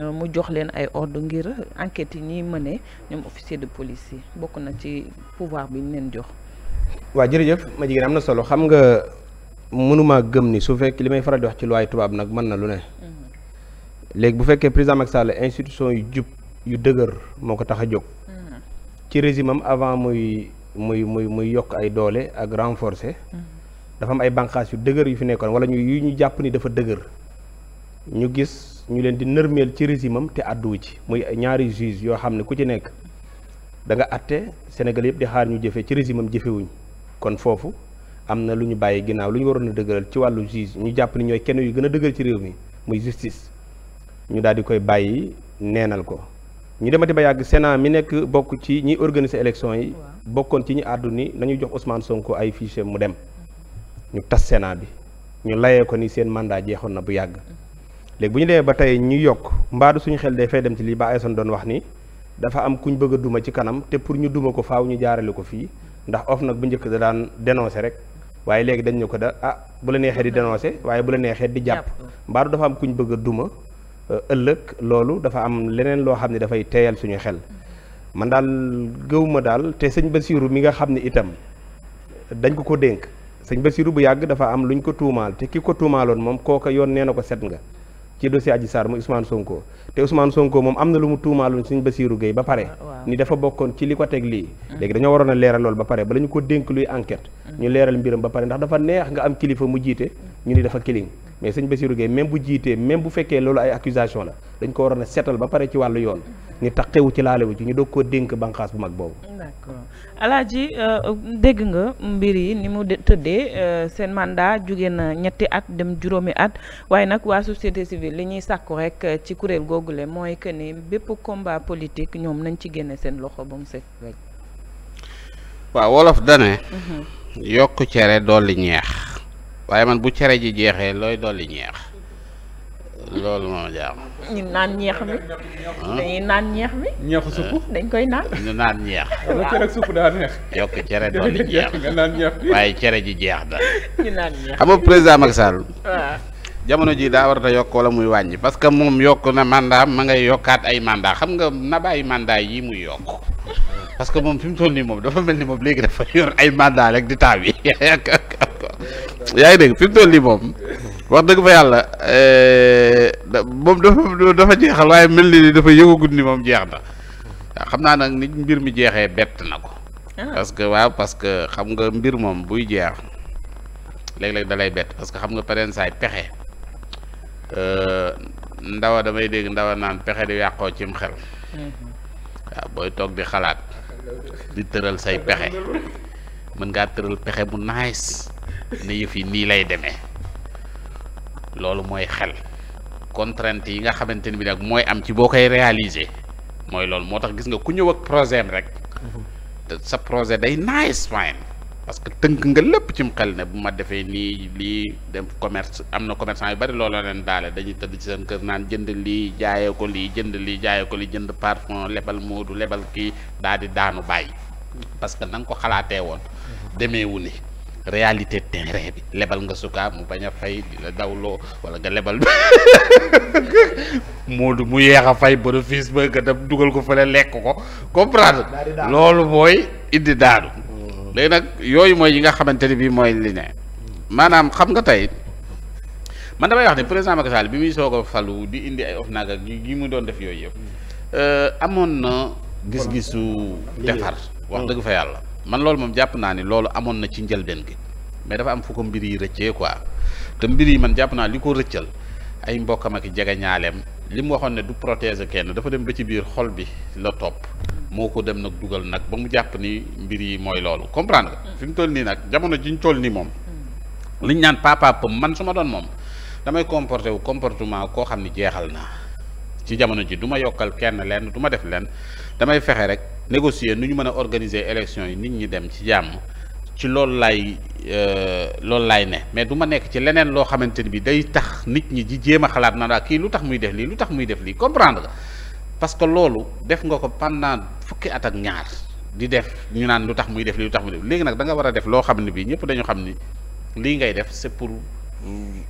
Euh, mu jox leen ay ordre ngir enquête yi ñuy mëne ñoom officier de police yi bokk na ci pouvoir bi ñu leen jox. waa jërëjëf ma jigéen am na solo xam nga mënuma gëm ni su fekk li may faral di wax ci loi tubaab nag mën na lu ne. Mhm. léegi bu fekkee président Macky Sall institution yu jub yu dëgër moo ko tax a jóg. Mhm. ci régime am avant muy muy muy muy yokk ay doole ak renforcer. Mhm. dafa am ay bànqaas yu dëgër yu fi nekkoon wala ñu yu ñu jàpp ni dafa dëgër ñu gis. ñu leen di nërmeel ci régime am te àdduwu ci muy ñaari juge yoo xam ne ku ci nekk da nga atte Sénégal yëpp di xaar ñu jëfe ci régime am jëfewuñ kon foofu am na lu ñu bàyyi ginnaaw lu ñu waroon a dëgëral ci wàllu juge ñu jàpp ni ñooy kenn yu gën a dëgër ci réew mi muy justice ñu daal di koy bàyyi neenal ko ñu demati ba yàgg Sénat mi nekk bokk ci ñi organiser élection yi bokkoon ci ñi àddu ni nañu jox Ousmane Sonko ay fichier mu dem ñu tas Sénat bi ñu layee ko ni seen mandat jeexoon na bu yàgg mm-hmm. léegi bu ñu demee ba tey ñu yokk mbaadu suñu xel day fay dem ci lii ba ayson doon wax ni dafa am kuñ bëgg duma ci kanam te pour ñu duma ko faaw ñu jaarale ko fii ndax of nag bu njëkk da daan dénoncé rek waaye léegi dañu ne ko da ah bu la neexee di dénoncé waaye bu la neexee di jàpp oh. mbaadu dafa am kuñ bëgg duma euh, ëllëg loolu dafa am leneen loo xam ne dafay teeyal suñu xel man daal gëwuma daal te sëñ Basiiru mi nga xam ne itam dañ ko ko dénk sëñ Basiiru bu yàgg dafa am luñ ko tuumaal te ki ko tuumaaloon moom kooka yoon nee na ko set nga ci dossier Adji Sarr mu Ousmane Sonko te Ousmane Sonko moom am na lu mu tuumaaloon Serigne Bassirou Gueye ba pare ah, ni dafa bokkoon ci li ko teg lii ah. léegi dañoo waroon a leeral ba pare bala ñu ko dénk luy enquête ah. ñu leeral mbiram ba pare ndax dafa neex nga am kilifa mu jiite ñu ni dafa kiling mais Serigne Bassirou Gueye même bu jiitee même bu fekkee loolu ay accusation la dañ ko waroon a seetal ba pare ci wàllu yoon ni taqewu ci laalewu ci ñu doog koo dénk banqaas bu mag boobu d'accord alaaji euh, dégg nga mbir yi ni mu tëddee euh, seen mandat jóge na ñetti at dem juróomi at waaye nag waa société civile li ñuy sàkku rek euh, ci kuréel googule mooy que ni bépp combat politique ñoom nañ ci génne seen loxo ba mu set rek wolof dane mhm. yokk cere dolli ñeex waaye man bu cere ji jeexee looy dolli ñeex loolu moo jaax ñu naan ñeex mi. dañuy naan ñeex mi. ñeexu suuf eh. dañ koy naan. ñu naan ñeex. yokk cere doon di jeex waaye cere ji jeex da ñu naan xam nga président Macky Sall. jamono ji daa warata yokk wala muy wàññi parce que moom yokk na mandat ma ngay yokkaat ay mandat xam nga na bàyyi mandat yi muy yokk. parce que moom fi mu toll nii moom dafa mel ni moom léegi dafa yor ay mandat rek di taw yi yaa ngi dégg fi mu toll nii moom wax dëgg fa yàlla eh, moom dafa dafa jeexal waaye mel ni dafa yëngu ni moom jeex na xam naa nag nit mbir mi jeexee bett na ko. Ah. parce que waaw parce que xam nga mbir moom buy jeex léeg-léeg da lay bett parce que xam nga pareen saay pexe euh, ndawa damay dégg ndawa naan pexe di yàqoo cim xel. Mm-hmm. waaw booy toog di xalaat di tëral say pexe mën ngaa tëral pexe bu nice ne yëf yi nii lay demee loolu mooy xel contrainte yi nga xamante ni bi nag mooy am ci boo koy réaliser mooy loolu moo tax gis nga ku ñëw ak projet am rek mhm. sa projet day nice fine parce que tënk nga lépp ci mu xel ne bu ma defee nii lii dem commerce am na commerçant yu bari looloo leen daale dañuy tëdd ci seen kër naan jënd lii jaaye ko lii jënd lii jaayee ko lii jënd parfum lebal moodu lebal kii daal di daanu bàyyi parce que na ko xalaatee woon mhm. demeewu réalité terrain bi lebal nga sukaar mu bañ a fay di dawloo wala nga lebal Moodu mu yeex a fay bénéfice ba nga dem dugal ko fële lekk ko comprendre loolu mooy indi daanu mm. léegi nag yooyu mooy yi nga xamante ni bii mooy li ne mm. maanaam xam nga tey man damay wax ne président Macky Sall bi muy soog a falu di indi ay of nag ak yi mu doon def yooyu yëpp mm. euh, amoon na gis-gisu defar wax dëgg fa yàlla man loolu moom jàpp naa ni loolu amoon na ci njëlbeen gi mais dafa am fu ko mbir yi rëccee quoi te mbir yi man jàpp naa li ko rëccal ay mbokkam ak jege ñaaleem li mu waxoon ne du protéger kenn dafa dem ba ci biir xol bi la topp moo ko dem nag dugal nag ba mu jàpp ni mbir yi mooy loolu comprendre nga. Mm. fi mu toll nii nag jamono ji ñu toll nii moom. Mm. li ñu naan papa pam man su ma doon moom damay comporté wu comportement koo xam ni jeexal naa ci jamono ji duma ma yokkal kenn lenn du ma def lenn damay fexe rek. négocier nu ñu mën a organiser élection yi nit ñi dem ci jàmm ci loolu laay euh, loolu laay ne mais du ma nekk ci leneen loo xamante ni bi day tax nit ñi di jéem a xalaat na daal ah, kii lu tax muy def lii lu tax muy def lii comprendre nga parce que loolu def nga ko pendant fukki at ak ñaar di def ñu naan lu tax muy def lii lu tax muy def léegi nag da nga war a def loo xam ne bii ñëpp dañu xam ni lii ngay def c'est pour.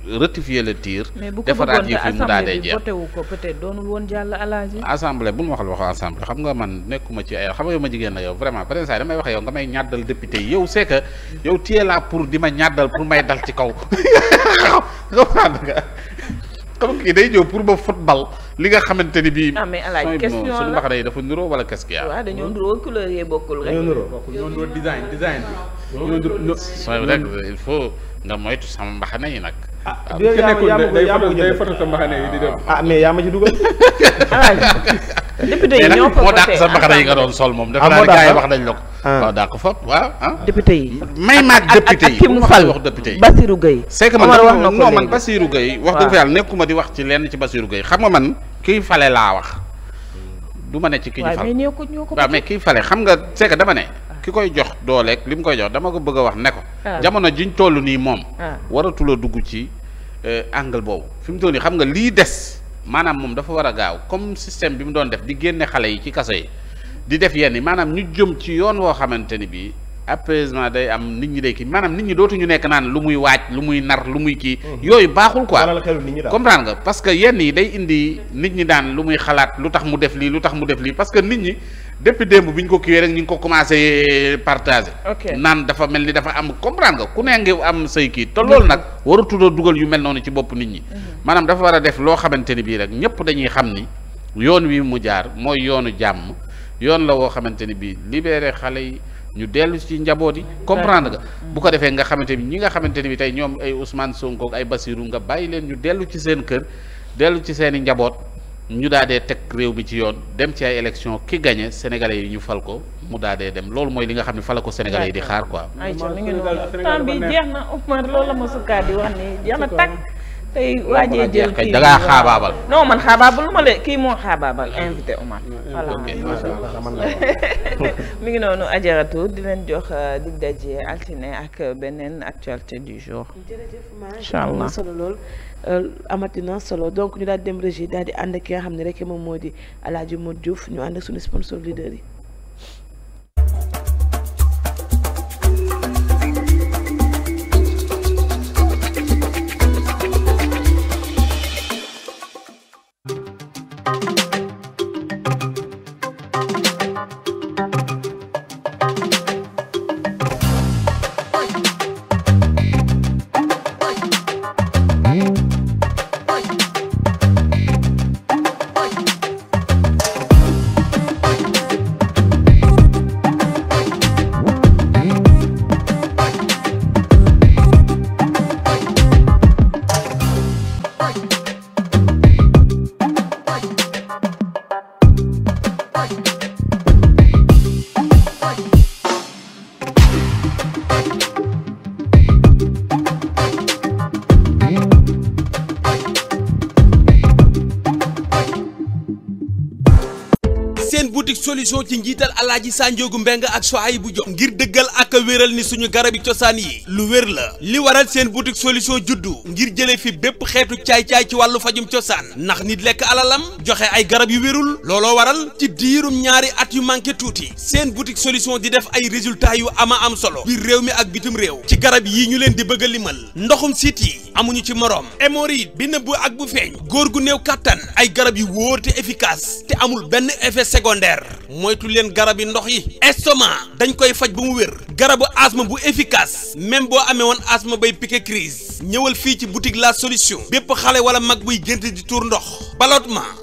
rectifier le tir. defaraat yi fi mu daa dee jeex mais bu ko doonul woon jàll alaaji. assemblée bu ma waxal waxu assemblée xam nga man nekkuma ci ay xam nga yow ma jigéen la yow vraiment beneen saa damay wax yow nga may ñàddal député yow c'est que yow téye laa pour di ma ñàddal pour may dal ci kaw xam nga xam nga kii day ñëw pour li nga xamante ni bii. ah mais alaaj question la suñu mbaxana yi dafa niroo wala qu'est-ce qu'il y a. waaw dañoo niroo couleur yee bokkul rek. il faut. nga moytu sama mbaxane yi nag. ah, ah day mbaxane yi di dem. ah mais yaa ma ci dugal. Ah, député yi ñoo moo dàq sa mbaxane yi nga doon sol moom. ah moo dàq wax dañ la ko. Ah. waaw dàq foofu waaw ah. député yi may maag député yi ak ki mu fal Basirou Gueye. c'est que man non man Basirou Gueye. wax dëgg fa yàlla nekkuma di wax ci lenn ci Basirou Gueye xam nga man kiy fale laa wax. du ma ne ci ki ñu fal waaw mais ko ñoo ko. waaw mais kiy fale xam nga c'est dama ne ki koy jox dooleeg li mu koy jox dama ko bëgg a wax ne ko. Ah. jamono jiñ toll nii moom. Ah. waratula dugg ci eh, angle boobu fi mu toll nii xam nga lii des maanaam moom dafa war a gaaw comme système bi mu doon def di génne xale yi ci kaso yi di def yenn maanaam ñu jëm ci yoon woo xamante ni bii. apaisement day am nit ñi day kii maanaam nit ñi dootuñu nekk naan lu muy waaj lu muy nar lu muy kii. Mhm. yooyu baaxul ko quoi comprendre nga parce que yenn yi day indi nit ñi daan lu muy xalaat lu tax mu def lii lu tax mu def lii parce que nit ñi depuis démb bi ñu ko kiiwee rek ñu ngi ko commencé partage naan dafa mel ni dafa am comprendre nga ku ne ngi am say kii te loolu nag warutuloo dugal yu mel noonu ci bopp nit ñi. Mhm. maanaam dafa war a def loo xamante ni bii rek ñëpp dañuy xam ni yoon wi mu jaar mooy yoonu jàmm yoon la woo xamante ni bii libéré xale yi. ñu dellu ci njaboot yi comprendre nga bu ko defee nga xamante ni ñi nga xamante ni bi tey ñoom ay Ousmane Sonko ay Bassirou nga bàyyi leen ñu dellu ci seen kër dellu ci seen njaboot ñu daa dee teg réew mi ci yoon dem ci ay élection ki gagné sénégalais yi ñu fal ko mu daa dee dem loolu mooy li nga xam ne fala ko sénégalais yi di xaar quoi. ayca mi jeex na Oumar loolu la ma sukkaat di wax ni jeex na tey waajee jël kii da ngaa xaabaabal. non man xaabaabal lu ma le kii moo xaabaabal invité Omar. voilà ngi noonu ajaratu di leen jox euh, di daje altine ak beneen actualité du jour. jërëjëf allah solo lool euh, amatina solo donc ñu daal dem régie daal di ànd ak ki nga xam ne rek moom moo di El Hadj Modou Diouf ñu ànd ak suñu sponsor leader yi. solution ci njiital alaaji Sanjoogu Mbeng ak Sohaybu Jóob ngir dëggal a wéral ni suñu garab yi cosaan yi lu wér la li waral seen boutique solution juddu ngir jëlee fi bépp xeetu caay-caay ci wàllu fajum cosaan ndax nit lekk alalam joxe ay garab yu wérul looloo waral ci diirum ñaari at yu manqué tuuti seen boutique solution di def ay résultats yu ama am solo biir réew mi ak bitim réew ci garab yii ñu leen di bëgg a limal ndoxum siit yi amuñu ci moroom hémorroïde bi nëbbu ak bu feeñ góor gu néew kàttan ay garab yu wóor te efficace te amul benn effet secondaire moytu leen garab yi ndox yi estomac dañ koy faj ba mu wér garabu asthme bu efficace même boo amee woon asthme bay piqué crise ñëwal fii ci boutique la solution bépp xale wala mag buy gént di tur ndox ballottement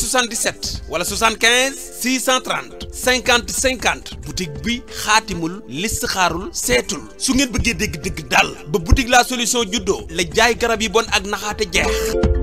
77 wala 75 630 50 50 boutique bi xaatimul listixaarul seetul su ngeen bëggee dégg dëgg daal ba boutique la solution juddoo la jaay garab yi bon ak naxaate jeex.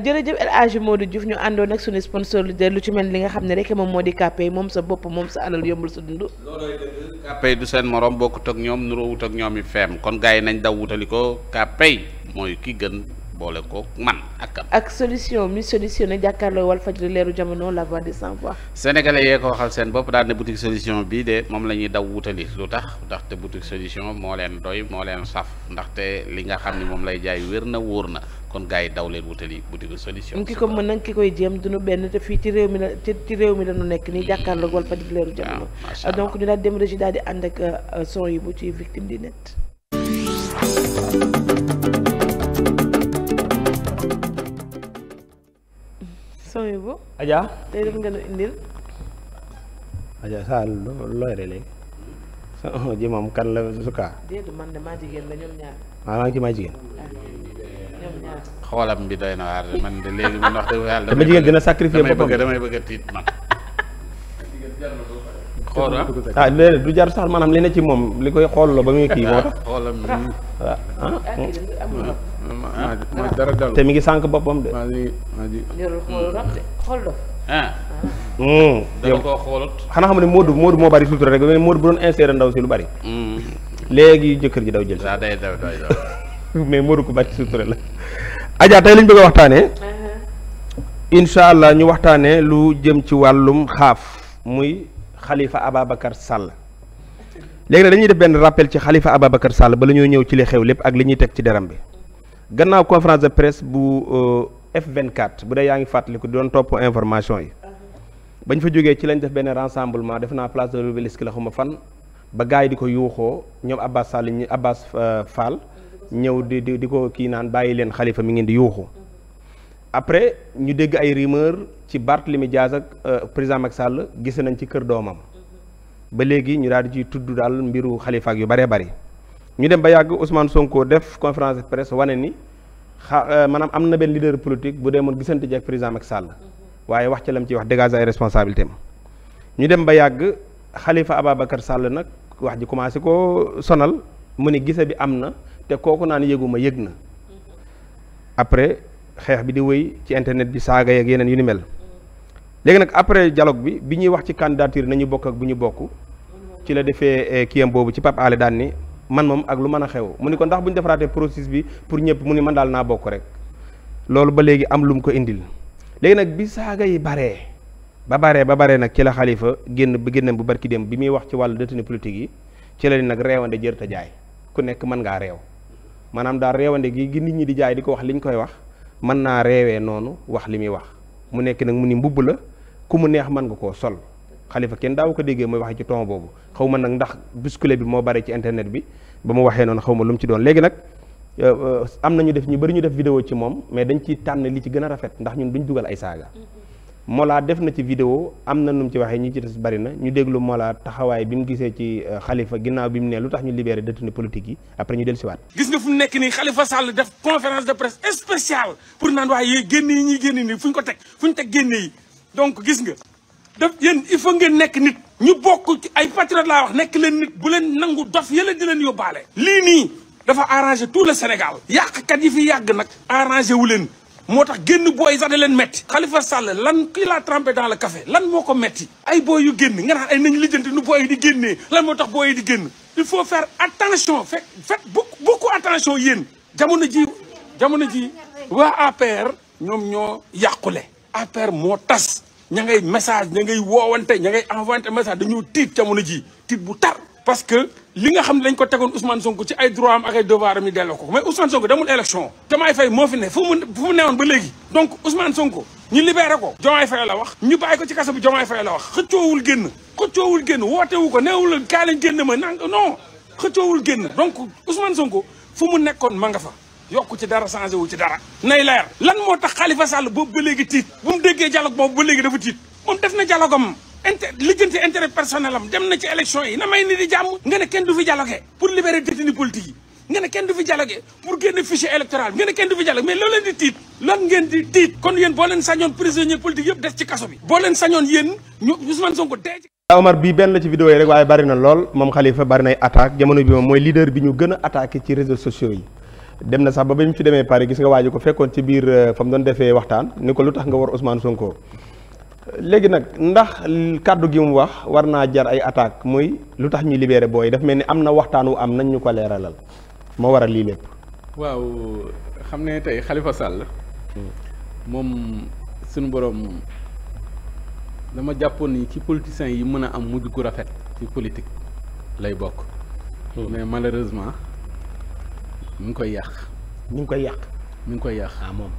jërëjëf El Hadji Modou Diouf ñu àndoon ak suñu sponsor lu lu ci mel li nga xam ne rek moom moo di kàppee moom sa bopp moom sa alal yombul sa dund loolooy kàppee du seen moroom bokkut ak ñoom nuroowut ak ñoom i feem kon gars nañ daw wutali ko kàppee mooy kii gën boole ko man ak ak solution mi solutionné jàkkaarloo wal fajri leeru jamono la voix des sans voix sénégalais yee ko waxal seen bopp daal ne boutique solution bii de moom la ñuy daw wutali lu tax ndaxte boutique solution moo leen doy moo leen saf ndaxte li nga xam ne moom lay jaay wér na wóor na kon gaa yi daw leen wutali bu di solution. ki ko mën nag ki koy jéem duñu benn te fii ci réew mi la ci mi la nekk nii mm. jàkkaarloog wal fajit leeru jamono ah, donc ñu daal dem régi daal di ànd ak euh, son yi bu ci victime di net son yi bu Adja tey def nga indil Adja saa looy la sukaa déedéet man de maa la ñoom ñaar ah, maa maa jigéen ah. xoolam bi doy na waar man de léegi man wax dëgg yàlla. dama jigéen gën a sacrifier boppam ah, ah léeg du jar sax maanaam li ne ci moom li koy xool la ba muy kii moo tax. xoolam ah. ah, ah te mi ngi sànq boppam de. maa ngi hmm. yow koo xoolut xanaa xam ne Modou Modou moo bari sutura rek Modou bu doon insérer ndaw si lu bari. Hmm. léegi jëkkër ji daw jël si. mais Modou Koumba ci sutura la Adja tey li ñu bëgg waxtaanee. Uh-huh. incha allah ñu waxtaanee lu jëm ci wàllum xaaf muy xalifa Ababacar Sall. léegi nag dañuy def benn rappel ci xalifa Ababacar Sall ba la ñuy ñëw ci li xew lépp ak li ñuy teg ci deram bi gannaaw conférence de presse bu euh, F24 bu dee yaa ngi fàttaliku di doon topp information yi. Uh-huh. bañ fa jógee ci lañ def benn rassemblement def naa place de l'Obélisque la xuma fan ba gars yi di ko yuuxoo ñoom Abbas Sall euh, ñëw di di di ko kii naan bàyyi leen xalifa mi ngeen di yuuxu après ñu dégg ay rumeur ci Barthélemy Dias ak euh, président Macky sàll gise nañ ci kër doomam ba léegi ñu daal di ciy tudd daal mbiru xalifa yu bëree bëri ñu dem ba yàgg Ousmane Sonko def conférence de wane ni xa euh, maanaam am na benn leader politique bu dee demoon gisante ji ak président Macky Sall waaye wax ci lam ci wax dégager ay responsabilité ñu dem ba yàgg xalifa Ababacar sàll nag wax ji commencé ko sonal mu ni gise bi am na te kooku naan yëguma yëg na après xeex bi di wéy ci internet bi saaga yeeg yeneen yu ni mel léegi nag après dialogue bi bi ñuy wax ci candidature nañu bokk ak bu ñu bokk ci la defee eh, kiyam boobu ci Pape Alé daan ni man moom ak lu mën a xew mu ni ko ndax bu ñu defaraatee processus bi pour ñëpp mu ni man daal naa bokk rek loolu ba léegi am lu mu ko indil léegi nag bi saaga yi baree ba baree ba bare nag ci la xalifa génn bi génnam bu barki dem bi muy wax ci wàllu détenu politique yi ci la nag reewande jër ta jaay ku nekk mën ngaa maanaam daal réewande gi gi nit ñi di jaay di ko wax li ñu koy wax man naa reewee noonu wax li muy wax mu nekk nag mu ni mbubb la ku mu neex mën nga koo sol xalifa kenn daaw ko déggee muy waxee ci ton boobu xaw ma nag ndax bousculé bi moo bare ci internet bi ba mu waxee noonu xaw ma lu mu ci doon léegi nag euh, euh, am na ñu def ñu bari ñu def vidéo ci moom mais dañ ci tànn li ci gën a rafet ndax ñun duñ dugal ay saaga mm-hmm. Mollah def na ci vidéo am na nu mu ci waxee ñi ci des bari na ñu déglu laa taxawaay bi mu gisee ci xalifa euh, ginnaaw bi mu nee lu tax ñu libéré détenu politique yi après ñu del siwaat gis nga fu mu nekk nii xalifa Sall def conférence de presse spéciale pour naan waaye yéen génne yi ñuy génn nii fu ñu ko teg fu ñu teg génne yi donc gis nga daf yéen il faut ngeen nekk nit ñu bokk ci ay patriote laa wax nekk leen nit bu leen nangu dof yële di leen yóbbaale lii nii dafa arrangé tout le Sénégal yàqkat yi fi yàgg nag arrangé wu leen moo tax génn booy sax da leen metti Khalifa Sall lan kii laa trempé dans kafe lan moo ko metti ay booy yu génn nga naan ay nañ lijjanti nu boo yi di génnee lan moo tax boo yi di génn il faut faire attention fait faites beaucoup beaucoup attention yéen jamono ji jamono ji waa APR ñoom ñoo yàqule APR moo tas ña ngay message ña ngay woowante ña ngay envoyante message dañoo tiit jamono ji tiit bu tar parce li nga xam ne dañ ko tegoon Ousmane Sonko ci ay droit am ak ay devoir am ñu delloo ko mais Ousmane Sonko demul élection Diomaye Faye moo fi ne fu mu fu mu newoon Sonko ñu libéré ko Diomaye la wax ñu bàyyi ko ci kaso bi Diomaye Faye la wax xëccoowul génn xëccoowul génn wootewu ko neewul kaa leen génn ma nang non xëccoowul génn donc Ousmane Sonko fu mu nekkoon ma nga fa yokku ci dara changé wu ci dara nay leer lan moo tax Khalifa Sall boobu ba léegi tiit bu mu déggee dialogue boobu ba léegi dafa tiit moom def na dialogue am inter lijjanti intérêt personnel am dem na ci élection yi na may ni di jàmm nga ne kenn du fi dialogué pour libérer détenu politique yi nga ne kenn du fi dialogué pour génne fichier électoral nga ne kenn du fi dialogué mais loolu leen di tiit lan ngeen di tiit kon yéen boo leen sañoon prisonnier politique yëpp des ci kaso bi boo leen sañoon yéen ñu Ousmane Sonko dee ci Omar bii benn la ci vidéo yi rek waaye bari na lool moom Khalifa bari nay attaque jamono bi moom mooy leader bi ñu gën a attaqué ci réseaux sociaux dem na sax ba ba mu fi demee Paris gis nga waa ko fekkoon ci biir euh, fa mu doon waxtaan ni ko lu tax nga war Ousmane Sonko léegi nag ndax kàddu gi mu wax war naa jar ay attaque mooy lu tax ñu libéré booy daf mel ni am na waxtaan wu am nañ ñu ko leeralal moo waral lii lépp. waaw xam ne tey Khalifa Sall. moom suñu borom dama jàppoon ni ci politiciens yi mën a am mujj gu rafet ci politique lay bokk. Hmm. mais malheureusement mu ngi koy yàq. mu ngi koy yàq. mu ngi koy yàq ah moom.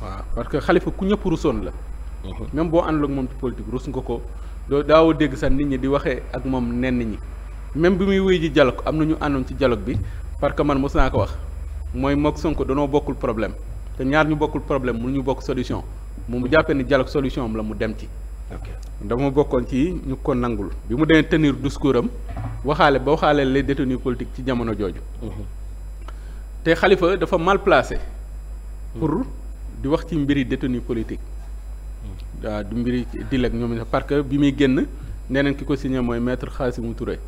waa parce que xalifa ku ñëpp rusoon la. Mhm. même boo àndul ak moom ci politique rus nga ko doo daawoo dégg sax nit ñi di waxee ak moom nenn ñi même bi muy wéy ji dialogue am na ñu àndoon ci dialogue bi parce que man mos naa ko wax mooy moog Sonko danoo bokkul problème te ñaar ñu bokkul problème mu ñu bokk solution mu mu jàppee ni dialogue solution am la mu dem ci. dama bokkoon ci ñu ko nangul bi mu demee tenir discours am waxaale ba waxaale les détenus politiques ci jamono jooju. Mhm. te xalifa dafa mal placé. Mhm. pour di wax ci mbiri détenus politiques. waaw du mbiri dil ak ñoom parce que bi muy génn neneen ki ko signé mooy metre maître Khassimou Touré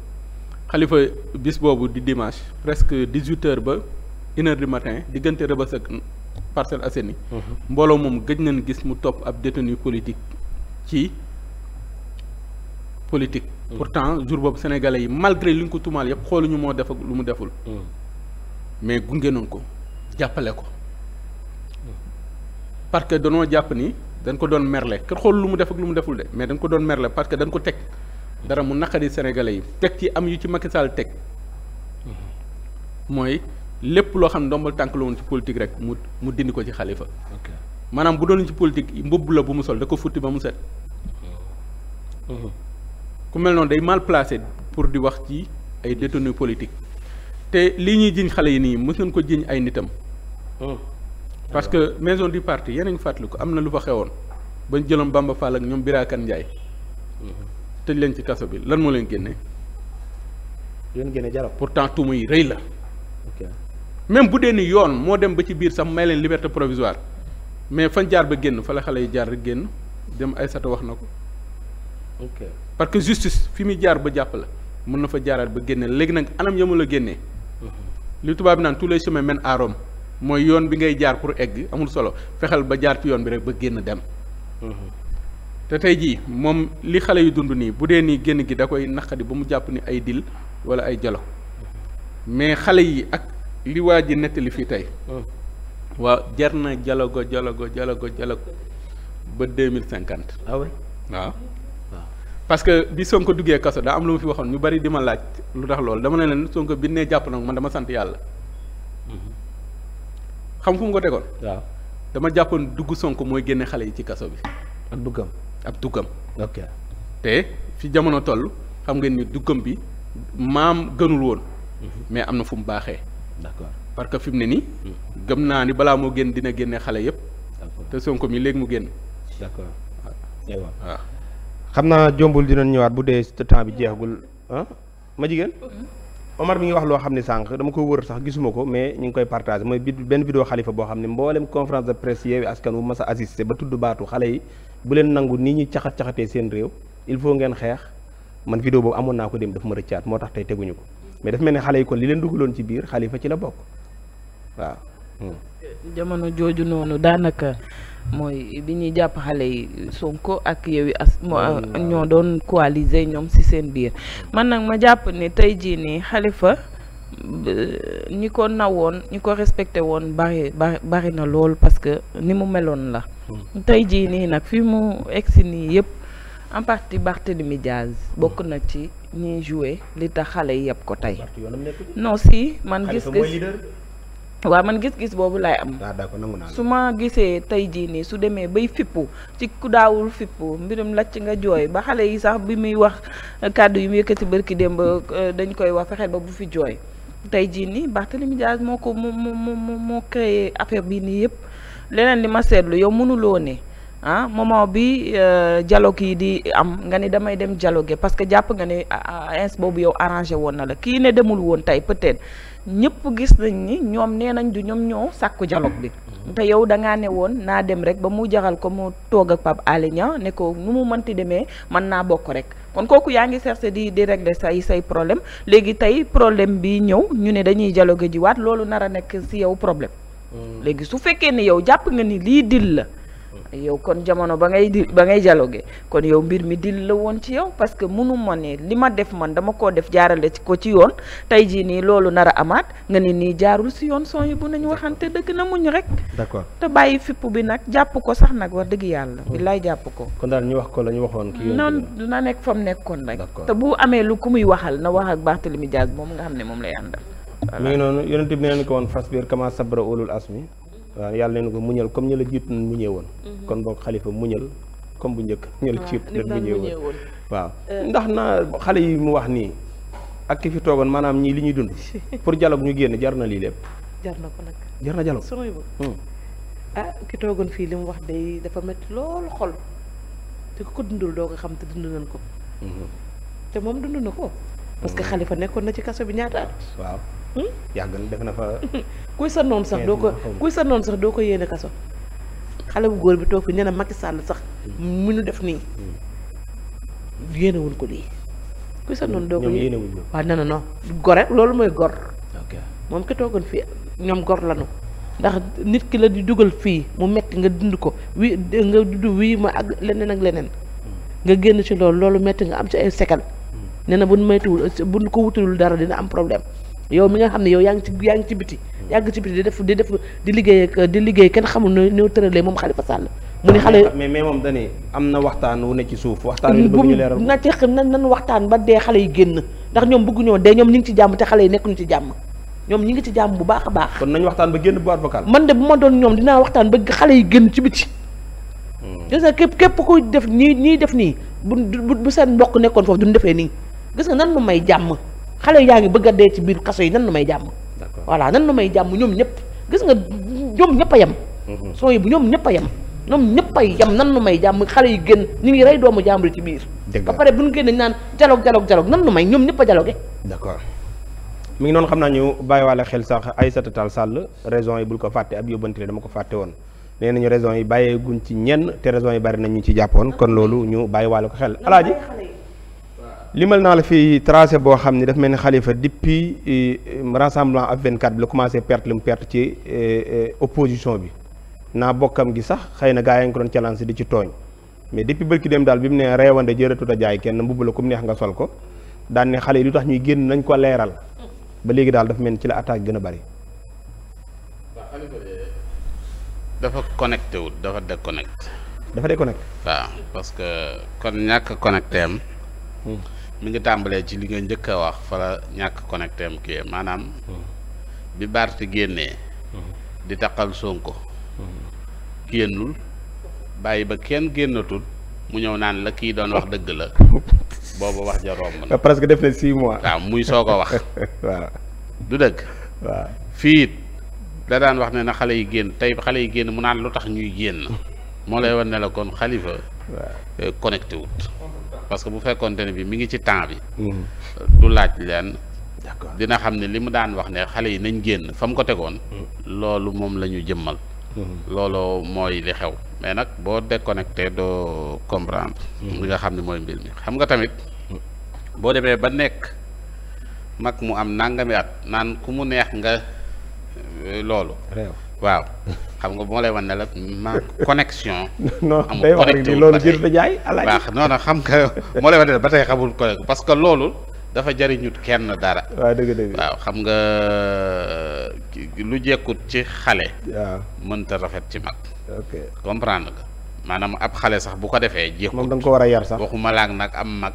xalifa bis boobu di dimanche presque dix huit ba une heure du matin diggante Rebeuss ak Parcelles Assainies mhm. mbooloo moom gëj nañ gis mu topp ab détenu politique ci politique mhm. pourtant jour boobu sénégalais yi malgré li ñu ko tumaal yëpp xooluñu moo def ak lu mu deful mhm. mais gunge nañ ko jàppale ko parce que danoo jàpp ni dañ ko doon merle kër xool lu mu def ak lu mu deful de mais dañ ko doon merle parce que dañ ko teg dara mu naqari sénégalais yi teg ci am yu ci Macky Sall teg mooy lépp loo xam ne ndombal tànk la woon ci politique rek mu mu dindi ko ci xalifa maanaam bu doon ci politique mbubb la bu mu sol da ko futti ba mu set ku mel noonu day mal placé pour di wax ci ay détenus politiques te lii ñuy jiñ xale yi nii mës nañ ko jiñ ay nitam parce que maison du parti yéen a ngi fàttaliku am na lu fa xewoon bañ jëloon Bamba Fall ak ñoom Birakan Ndiaye. Mm-hmm. tëj leen ci kaso bi lan moo leen génne. leen génne jarab pourtant tuuma yi rëy la. même bu dee ni yoon moo dem ba ci biir sax may leen liberté provisoire mais fan jaar ba génn fa la xale yi jaar rek génn dem ay Aysata wax na ko. parce que justice fi muy jaar ba jàpp la mën na fa jaaraat ba génne léegi nag anam ya mu la génnee. Mm-hmm. li tubaab bi naan tous les chemins mènent mooy yoon bi ngay jaar pour egg amul solo fexeel ba jaar ci yoon bi rek ba génn dem. Mm-hmm. te tey jii moom li xale yu dund nii bu dee nii génn gi da koy naqadi ba mu jàpp ni ay dil wala ay jolo mm-hmm. mais xale yi ak li waa ji nettali fii tey. Mm. waaw jar na jalago jalago jalago jalago ba deux mille cinquante. ah oui waaw. Ah. parce que bi Sonko duggee kaso daa am lu ma fi waxoon ñu bari di ma laaj lu tax loolu dama ne leen Sonko bi ne jàpp nag man dama sant yàlla. Mm-hmm. xam fu mu ko tegoon. waaw dama jàppoon dugg Sonko mooy génne xale yi ci kaso bi. ak duggam ak duggam. ok te fi jamono toll xam nga ni duggam bi maam gënul woon. Mhm. mais am na fu mu baaxee. d'accord parce que fi mu ne nii. Mhm. gëm naa ni balaa moo génn dina génne xale yëpp. te Sonko mi léegi mu génn. waaw. xam naa jombul dinañ ñëwaat bu dee temps bi jeexagul ma jigéen. Mhm. Omar mi ngi wax loo xam ne sànq dama ko wër sax gisuma ko mais ñu ngi koy partagé mooy benn vidéo xalifa boo xam ne mboolem conférence de presse yeewi askan wu mas a ba tudd baatu xale yi bu nangu nii ñuy caxat-caxatee seen réew il faut ngeen xeex man vidéo boobu amoon naa ko dem dafa ma rëccaat moo tax tey teguñu ko mais dafa mel ne xale yi kon li leen dugaloon ci biir xalifa ci la bokk waaw hmm. jamono jooju noonu daanaka mooy bi ñuy jàpp xale yi Sonko ak Yewwi as mm. ñoo doon coaliser ñoom si seen biir man nag ma jàpp ni tey jii nii Khalifa euh, ñi ko nawoon ñi ko respecté woon bari bari na lool parce que ni mu meloon la mm. tey jii nii nag fi mu egsi nii yëpp en partie Barthélémy Diaz bokk na ci ñiy joué li tax xale yi yëpp ko tey non si man gis gis waaw man gis-gis boobu laay am. Ah, su ma gisee tey jii nii su demee bay fippu ci ku daawul fippu mbirum lacc nga jooy ba xale yi sax bi muy wax kàddu yi mu yëkkati bërki démb euh, dañ koy wax fexeel ba bu fi jooy tey jii nii Barthélémy Dias moo ko moo moo moo créé affaire bi nii yëpp leneen li ma seetlu yow mënuloo ne ah moment bi euh, dialogue yi di am nga ni damay dem dialogue parce que jàpp nga ne ins boobu yow arrangé woon na la kii ne demul woon tey peut-être ñëpp gis nañ ni ñoom nee nañ du ñoom ñoo sàkku dialogue bi mhm. te yow da ngaa ne woon naa dem rek ba mu jaxal ko mu toog ak Pape Alé Niang ne ko nu mu mënti demee mën naa bokk rek kon kooku yaa ngi cherché di di régler say say problème léegi tey problème bi ñëw ñu ne dañuy dialogue ji waat loolu nar a nekk si yow problème mhm. léegi su fekkee ne yow jàpp nga ni lii dil la yow kon jamono ba ngay di ba ngay dialogué kon yow mbir mi dil la woon ci yow parce que mënu ma ne li ma def man dama koo def jaarale ko ci yoon tey jii nii loolu nar a amaat nga ne nii jaarul si yoon son yi bu nañu waxante dëgg na muñ rek. d'accord te bàyyi fipp bi nag jàpp ko sax nag wax dëgg yàlla. Hmm. billaay jàpp ko. kon daal ñu wax ko la ñu waxoon. kii noonu dina nekk fa mu nekkoon rek. te bu amee lu ku muy waxal na wax ak Barthélémy Dias moom nga xam ne moom lay àndal. voilà mi ngi noonu yonent bi ne ko woon fas waaw yàlla leen ko muñal comme ñu la jiitu muñee woon mhm. kon boog xalifa muñal comme bu njëkk ñu la jiitu muñee woon waaw euh. ndax naa xale yi mu wax nii ak fi toogoon maanaam ñii li ñuy dund pour dialogue ñu génn jar na lii lépp jar na ko nag jar na dialogue samay hmm. ah, ki toogoon fii li mu wax day dafa metti loolu xol te ku ko dundul doo ko xam te dund nañ ko hmm. te moom dund na ko parce que hmm. xalifa nekkoon na ci kaso bi ñaata at waaw Hmm? yàgg na def na fa. kuy sa noonu sax doo ko kuy sa noonu sax doo ko yéene kaso. xale bu góor bi toog fi nee na sàll sax mu ñu def nii. Hmm. yéenewul ko lii. kuy sa noonu doo ko yéenewuñ ko waaw non non gore loolu mooy gor. moom ki toogoon fii ñoom gor lañu. ndax nit ki la di dugal fii mu metti nga dund ko wi nga dudd wii ma ak leneen ak leneen. Hmm. nga génn ci loolu loolu metti nga am ci ay sekal. nee na buñ maytuwul buñ ko wutalul dara dina am problème. yow mi nga xam ne yow yaa ngi ci yaa ngi ci biti yàgg ci biti di def di def di liggéey kenn xamul no ñoo tëralee moom Khalifa Sall mu ni xale mais mais moom na waxtaan wu ne ci suuf waxtaan wi bëgg ñu nan waxtaan ba dee xale yi génn ndax ñoom bëgg ñoo dee ñoom ñi ngi ci jàmm te xale yi nekkuñu ci jàmm ñoom ñi ngi ci jàmm bu baax a baax kon nañ waxtaan ba génn bu avocat man de bu ma doon ñoom dinaa waxtaan ba xale yi génn ci biti hmm. gis nga képp képp kuy def ñii ñii def nii bu bu seen mbokk nekkoon foofu duñ defee nii gis nan ma may jàmm xale yaa ngi bëgg a dee ci biir kaso yi nan nu may jàmm voilà nan nu may jàmm ñoom ñëpp gis nga ñoom ñëpp a yem mhm. soo yi bu ñoom ñëpp a yem ñoom ñëpp a yem nan nu may jàmm xale yi génn ñu ngi rey doomu jàmbur ci biir ba pare bu ñu génne naan dialogue dialogue dialogue nan nu may ñoom ñëpp a dialogue d'accord mi ngi noonu xam naa ñu bàyyiwaale xel sax Aïssata Tall sàll raison yi bul ko fàtte ab yóbbantile dama ko fàtte woon nee nañu raison yi bàyyeeguñ ci ñenn te raison yi bari nañ ñu ci jàppoon kon loolu ñu bàyyiwaale ko xel alaaji limal naa la fi tracé boo xam ni daf mel ni xalifa depuis euh, rassemblement ak 24 bi la commencé perte li mu perte ci euh, opposition bi naa bokkam gi sax xëy na gaa yi ngi ko doon challenge di ci tooñ mais depuis bërki dem daal bi mu ne reewande jëratut a jaay kenn mbubb la ku mu neex nga sol ko daan ne xale yi lu tax ñuy génn nañ ko leeral ba léegi daal dafa mel ni ci la attaque gën a bari dafa connecté wul dafa déconnecté dafa déconnecté waaw parce que kon ñàkk connecté am hmm. mi ngi tàmbalee ci li nga njëkk a wax fa la ñàkk connecté am kii maanaam. Mm-hmm. bi Barth génnee. Mm-hmm. di taqal Sonko. Mm-hmm. génnul bàyyi ba kenn génnatul mu ñëw naan la kii doon wax dëgg la boobu wax ja romb na. presque def na six mois. waaw muy soo ko wax. waaw du dëgg. waaw fii it da daan wax ne na xale yi génn tey xale yi génn mu naan lu tax ñuy génn moo lay wan ne la kon xalifa. Eh, connecté wut. parce que bu fekkoonte ne bi mi ngi ci temps bi. Mm. du laaj leen. d'accord dina xam ne li mu daan wax ne xale yi nañ génn fa mu ko tegoon. Mm. loolu moom la ñu jëmmal. Mm-hmm. loolu mooy li xew. mais nag boo déconnecté doo comprendre. Mm-hmm. li nga xam ne mooy mbir mi xam nga tamit. Mm. boo demee ba nekk mag mu am nangami at naan ku mu neex nga euh, loolu. waaw. xam nga bu ma lay wan ne la ma connexion. non day wax rek jaay. alaay baax non non xam nga moo lay wan ne la ba tey xamul connexion parce que loolu dafa jariñut kenn dara. waaw dëgg dëgg waaw xam nga euh, lu jekkut ci xale. mënta rafet ci mag. ok comprendre nga maanaam ab xale sax bu ko defee. jekkut moom da ko war a yar sax waxuma laag nag am mag.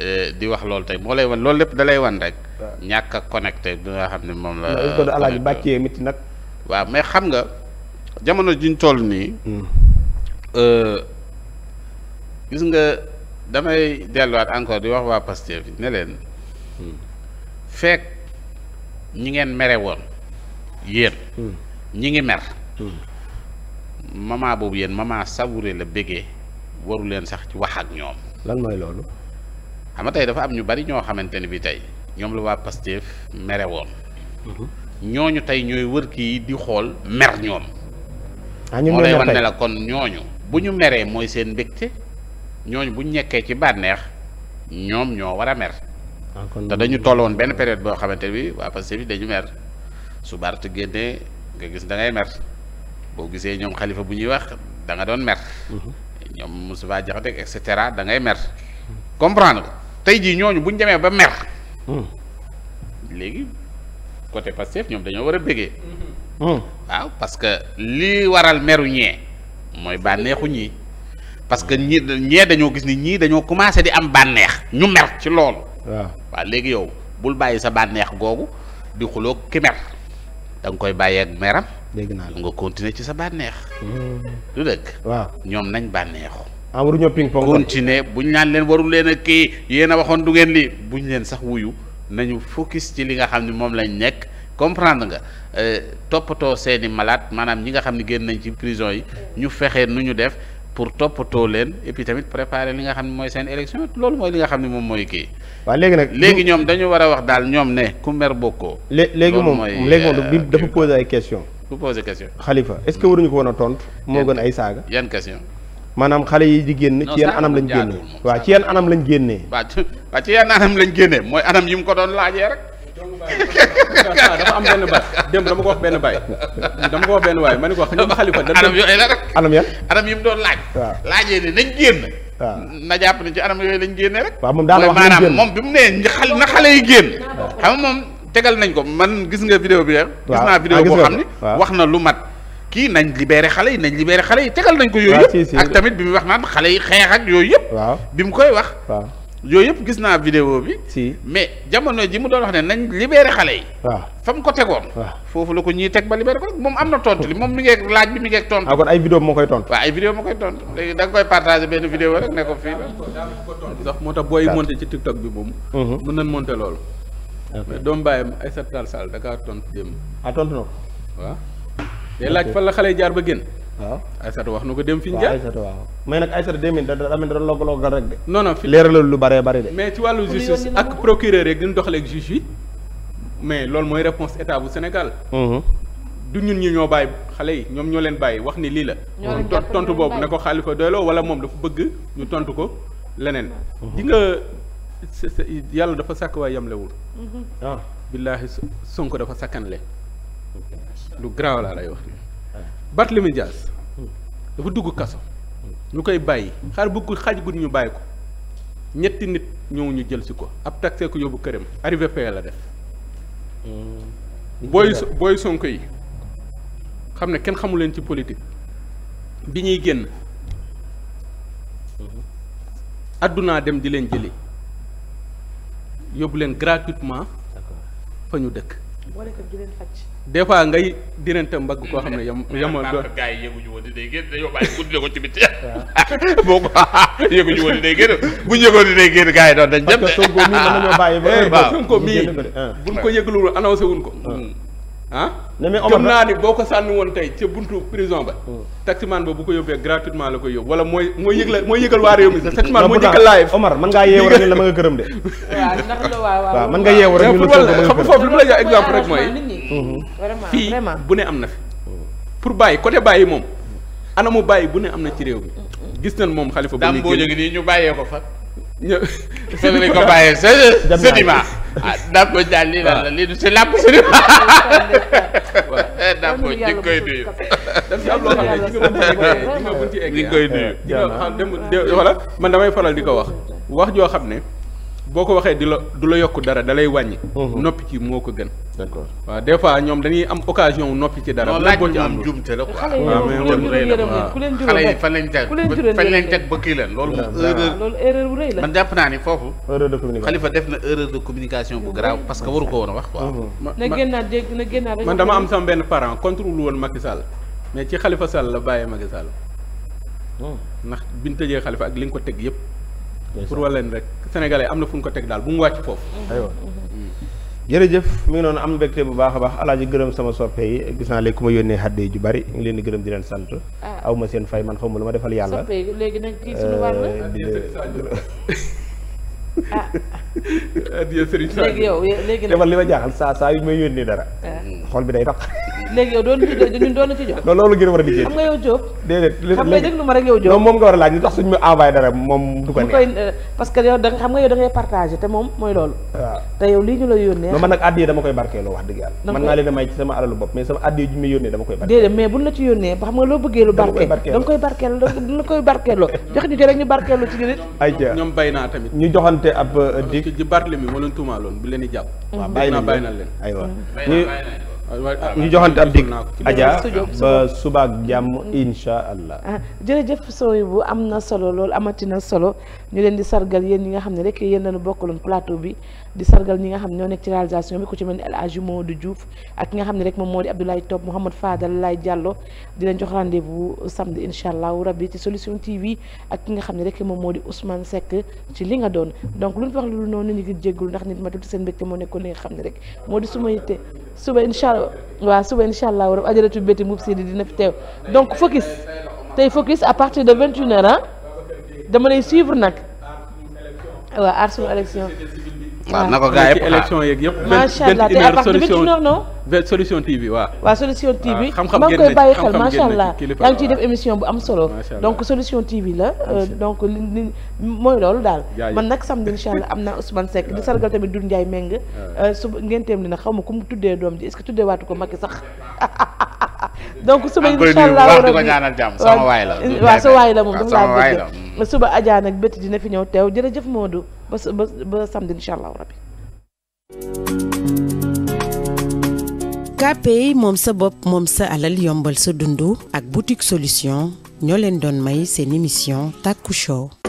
Euh, di wax loolu tey moo lay wan loolu lépp da lay wan rek. ñàkk a connecté nga xam ne moom la. bàccee mit nag. waaw mais xam nga. jamono jiñ toll nii. Hmm. Euh, gis nga damay delluwaat encore di wax waa Pastef ne leen. Hmm. fekk ñi ngeen mere woon yéen. Hmm. ñi ngi mer. mama boobu yéen mama sawure la bégee waru leen sax ci wax ak ñoom. lan mooy loolu. xam nga tey dafa am ñu bari ñoo xamante ni bi tey ñoom la waa Pastef mere woon. ñooñu tey ñooy wër kii di xool mer ñoom. Ah, moo lay wan ne la kon ñooñu bu ñu meree mooy seen mbégte ñooñu bu ñu ci bànneex ñoom ñoo war a mer ah, te dañu tolloon benn période boo xamante bi waa Pastef bi dañu mer su Barth génnee nga gis dangay mer boo gisee ñoom xalifa bu ñuy wax danga doon mer mm-hmm. ñoom Moustapha Diakhaté et cetera da ngay mer comprendre nga tey jii ñooñu bu ñu demee ba mer mm. léegi côté Pastef ñoom dañoo war a bégee Hmm. waaw parce que li waral meru ñee mooy bànneexu ñii parce que ñi ñee dañoo gis ni ñii dañoo commencé di am bànneex ñu mer ci loolu waaw léegi yow bul bàyyi sa bànneex googu di xuloo ki mer da koy bàyyi ak meram dégg naa la nga continuer ci sa bànneex hmm. du dëgg ñoom nañ bànneexu ah waruñoo ping pong continuer bu ñu naan leen warul leen a kii yéen a waxoon du ngeen lii bu ñu leen sax wuyu nañu focus ci li nga xam ne moom lañ nekk comprendre nga euh, toppatoo seeni malaat maanaam ñi nga xam ne génn nañ ci prison yi ñu fexe nu ñu def pour toppatoo leen et puis tamit préparer li nga xam ne mooy seen élection loolu mooy li nga xam ne moom mooy kii. waaw léegi nag léegi ñoom dañu war a wax daal ñoom ne ku mer bokkoo. léegi moom léegi euh, moom bi dafa poser ay question ku poser question. xalifa est-ce que waruñu ko woon a tontu. moo gën ay saaga yan question. maanaam xale yi di génn ci yan anam lañ génnee waa ci yan anam lañ génnee. waaw ci yan anam lañ génnee mooy anam mu ko doon laajee dafa am benn baay démb dama ko wax benn baay dama ko wax benn waay ma ne ko wax ñoom xalifa dañ anam yooyu la rek anam yan mu doon laaj waaw laajee ne nañ génn na jàpp ne ci anam yooyu lañ génnee rek waaw moom daal wax maanaam moom bi mu nee xal na xale yi génn xam moom tegal nañ ko man gis nga vidéo bi rek gis naa ah, vidéo boo xam ni wax na lu mat kii nañ libéré xale yi nañ libéré xale yi tegal nañ ko yooyu yëpp ak tamit bi mu wax naan xale yi xeex ak yooyu yëpp bi mu koy wax yooyu yëpp gis naa vidéo bi. si mais jamono ji mu doon wax ne nañ libéré xale yi. waaw fa mu ko tegoon. waaw foofu la ko ñii teg ba libéré ko moom am na tontu li moom mi laaj bi mi ngeeg tontu. ah kon ay vidéo moo koy tontu. waaw ay vidéo moo koy tontu ne ko fii la. sax moo tax booy monté ci TikTok bi moom. Mhm. mën nañ monté loolu. mais doom bàyyam Aïssata Tall Sall da kaa tontu démb. ah tontu na ko. waaw. day laaj fan la xale yi jaar ba génn. waaw Aysatu wax na ko dem fi ñu jaar Aysatu mais nag Aysatu deux mille da da da logg loggal rek de. non non fi leeralal lu bëree bëri de. mais ci wàllu justice ak procureur rek dina doxaleeg juge yi mais loolu mooy réponse état bu Sénégal. Mm-hmm. du ñun ñi ñoo bàyyi xale yi ñoom ñoo leen bàyyi wax ni lii la. tontu boobu na ko ko doyloo wala moom dafa bëgg ñu tontu ko leneen. Mm-hmm. di nga yàlla dafa sàkk waaye yamlewul. waaw mm-hmm. ah. billaahi Sonko dafa sakkanle. lu garaaw laa lay wax. Barthélémy Dias dafa dugg kaso ñu koy bàyyi xaar bëgg xaaj guddi ñu bàyyi ko ñetti nit ñëw ñu jël si ko ab taxé ko yóbbu këram arrivé pay la def hmm. booy booy yi xam ne kenn xamu leen ci politique bi ñuy génn hmm. addunaa dem di leen jëli yóbbu leen gratuitement fa ñu dëkk boole des fois ngay dinante mbagg koo xam ne yam yam gaa yi yëguñu woon di day génn dañoo bàyyi guddi ko ci biti boo ko yëguñu woon di day génn bu ñu yëgoon yi doon dañ dem de Sonko mii mën nañoo bàyyi eh, ko hmm. ah gëm naa ni boo ko sànni woon tey ca buntu prison ba hmm. taximan ba bu ko yóbbee gratuitement la koy yóbbu wala mooy mooy yëgal mooy yëgal waa réew mi sax taximan mooy njëkk live Omar mën ngaa yeewu la ma nga gërëm de waaw ndax la waaw waaw mën nga yeewu rek ñu la xam nga foofu li ma la jox exemple rek mooy hmm. fii bu ne am na fi pour bàyyi côté bàyyi moom anamu bàyyi bu ne am na ci réew mi hmm, gis nañ moom xalifa bu ñu bàyyee ko fa sëñ ko bàyyee së sédiment ah Dapho Diagne lii lan la lii du làpp sédiment Dapho ñu ngi koy nuyu. daf si am nuyu. voilà man damay faral di ko wax wax joo xam ne. boo ko waxee di la du la yokk dara da lay wàññi. Mhm. noppi ci moo ko gën. d'accord waaw des fois ñoom dañuy am occasion noppi ci dara. laaj bi am jumte la quoi. xale yi ah, fan lañ teg fan lañ teg ba kii leen loolu moom ah, erreur. loolu bu rëy la man jàpp naa ni foofu. erreur de communication def na erreur communication bu grave parce que waru ko woon a wax quoi. Mhm. na génnaat dégg na man dama am sama benn parent contre lu woon Macky Sall mais ci Khalifa Sall la bàyyee Macky Sall. Mhm. ndax bi ñu tëjee xalifa ak li nga ko teg yëpp pour wàll leen rek sénégalais am na fu ñu ko teg daal bu mu wàcc foofu. Mm-hmm. aywa mm-hmm. jërëjëf mi ngi noonu am mbégte bu baax a baax ji gërëm sama soppee yi gis naa léegi ku ma yónnee xàddee ju bari ngi leen di gërëm di leen sant. Ah. aw ma seen fay man xaw ma lu ma defal yàlla. léegi nag Ah. adieu Serigne Sall li ma jaaxal saa saa yu may yónnee dara. Ah. xol bi day tax. a a liggéey. xam nga yow Diop. déedéet xam nga déglu ma rek a laaj ñu tax suñu ma envoyé euh, te moom mooy loolu. Ah. te yow lii ñu la yónnee. non man nag addiya dama koy barkeeloo wax dëgg yàlla. man naa leen a may sama alalu bopp mais sama addiya ju may yónnee dama koy barkeeloo. déedéet mais buñ la ci yónnee ba xam nga loo bëggee lu barke da koy barkeeloo da koy barkeeloo jox ñu ci rek ñu barkeeloo ci nit. ay ñu joxan monté ab euh, dig ci Barthélemy moo leen tuumaaloon bu leen di jàpp. Mm-hmm. waaw bàyyi na bàyyi na leen aywa ñu ah, ñu joxante ab dig ah, ah, Adja ba suba ak jàmm mm-hmm. insha allah. jërëjëf sooy bu am na solo lool amatina solo. ñu leen di sargal yéen ñi nga xam ne rek yéen lañu bokkaloon plateau bi di sargal ñi nga xam ne ñoo nekk ci réalisation bi ku ci mel ni El Hadji Modou ne rek moom moo di Abdoulaye Top Mouhamad Fadal Laye Diallo di leen jox rendez-vous samedi incha allahu rabbi ci solution TV ak ki nga xam ne rek moom moo di Ousmane sekk ci li nga doon donc lu ñu wax lu noonu ñu ngi jéggul ndax nit ma tuuti seen mbégte moo nekkoon li nga xam ne rek moo di suma yitte suba incha allah waaw suba incha allahu rabbi ajaratu béti mub si dina fi teew donc focus tey focus à partir de 21 heures ah dama lay suivre nag. waaw aar suñu élection. waaw na ko gaa yëpp xaar élection yeeg yëpp. macha allah te à partir de vingt une heure non. solution TV waaw. waaw solution TV. maa ngi koy bàyyi xel macha allah yaa ngi ciy def émission bu am solo. donc solution TV la. Euh, donc li mooy loolu daal. man nag samedi incha allah am naa Ousmane Seck di sargal tamit Doudou Ndiaye Meng. Euh, su ngeen teem li nag xaw ma ku mu tuddee doom ji est tuddee waatu ko Macky sax. donc suba incha allah waay la waaw sa waay la moom dafa laa bëtt dina fi ñëw teew jërëjëf Modou ba ba ba samedi incha allah rabbi KPI moom sa bopp moom sa alal yombal sa dund ak boutique solution ñoo leen doon may seen émission Taku Show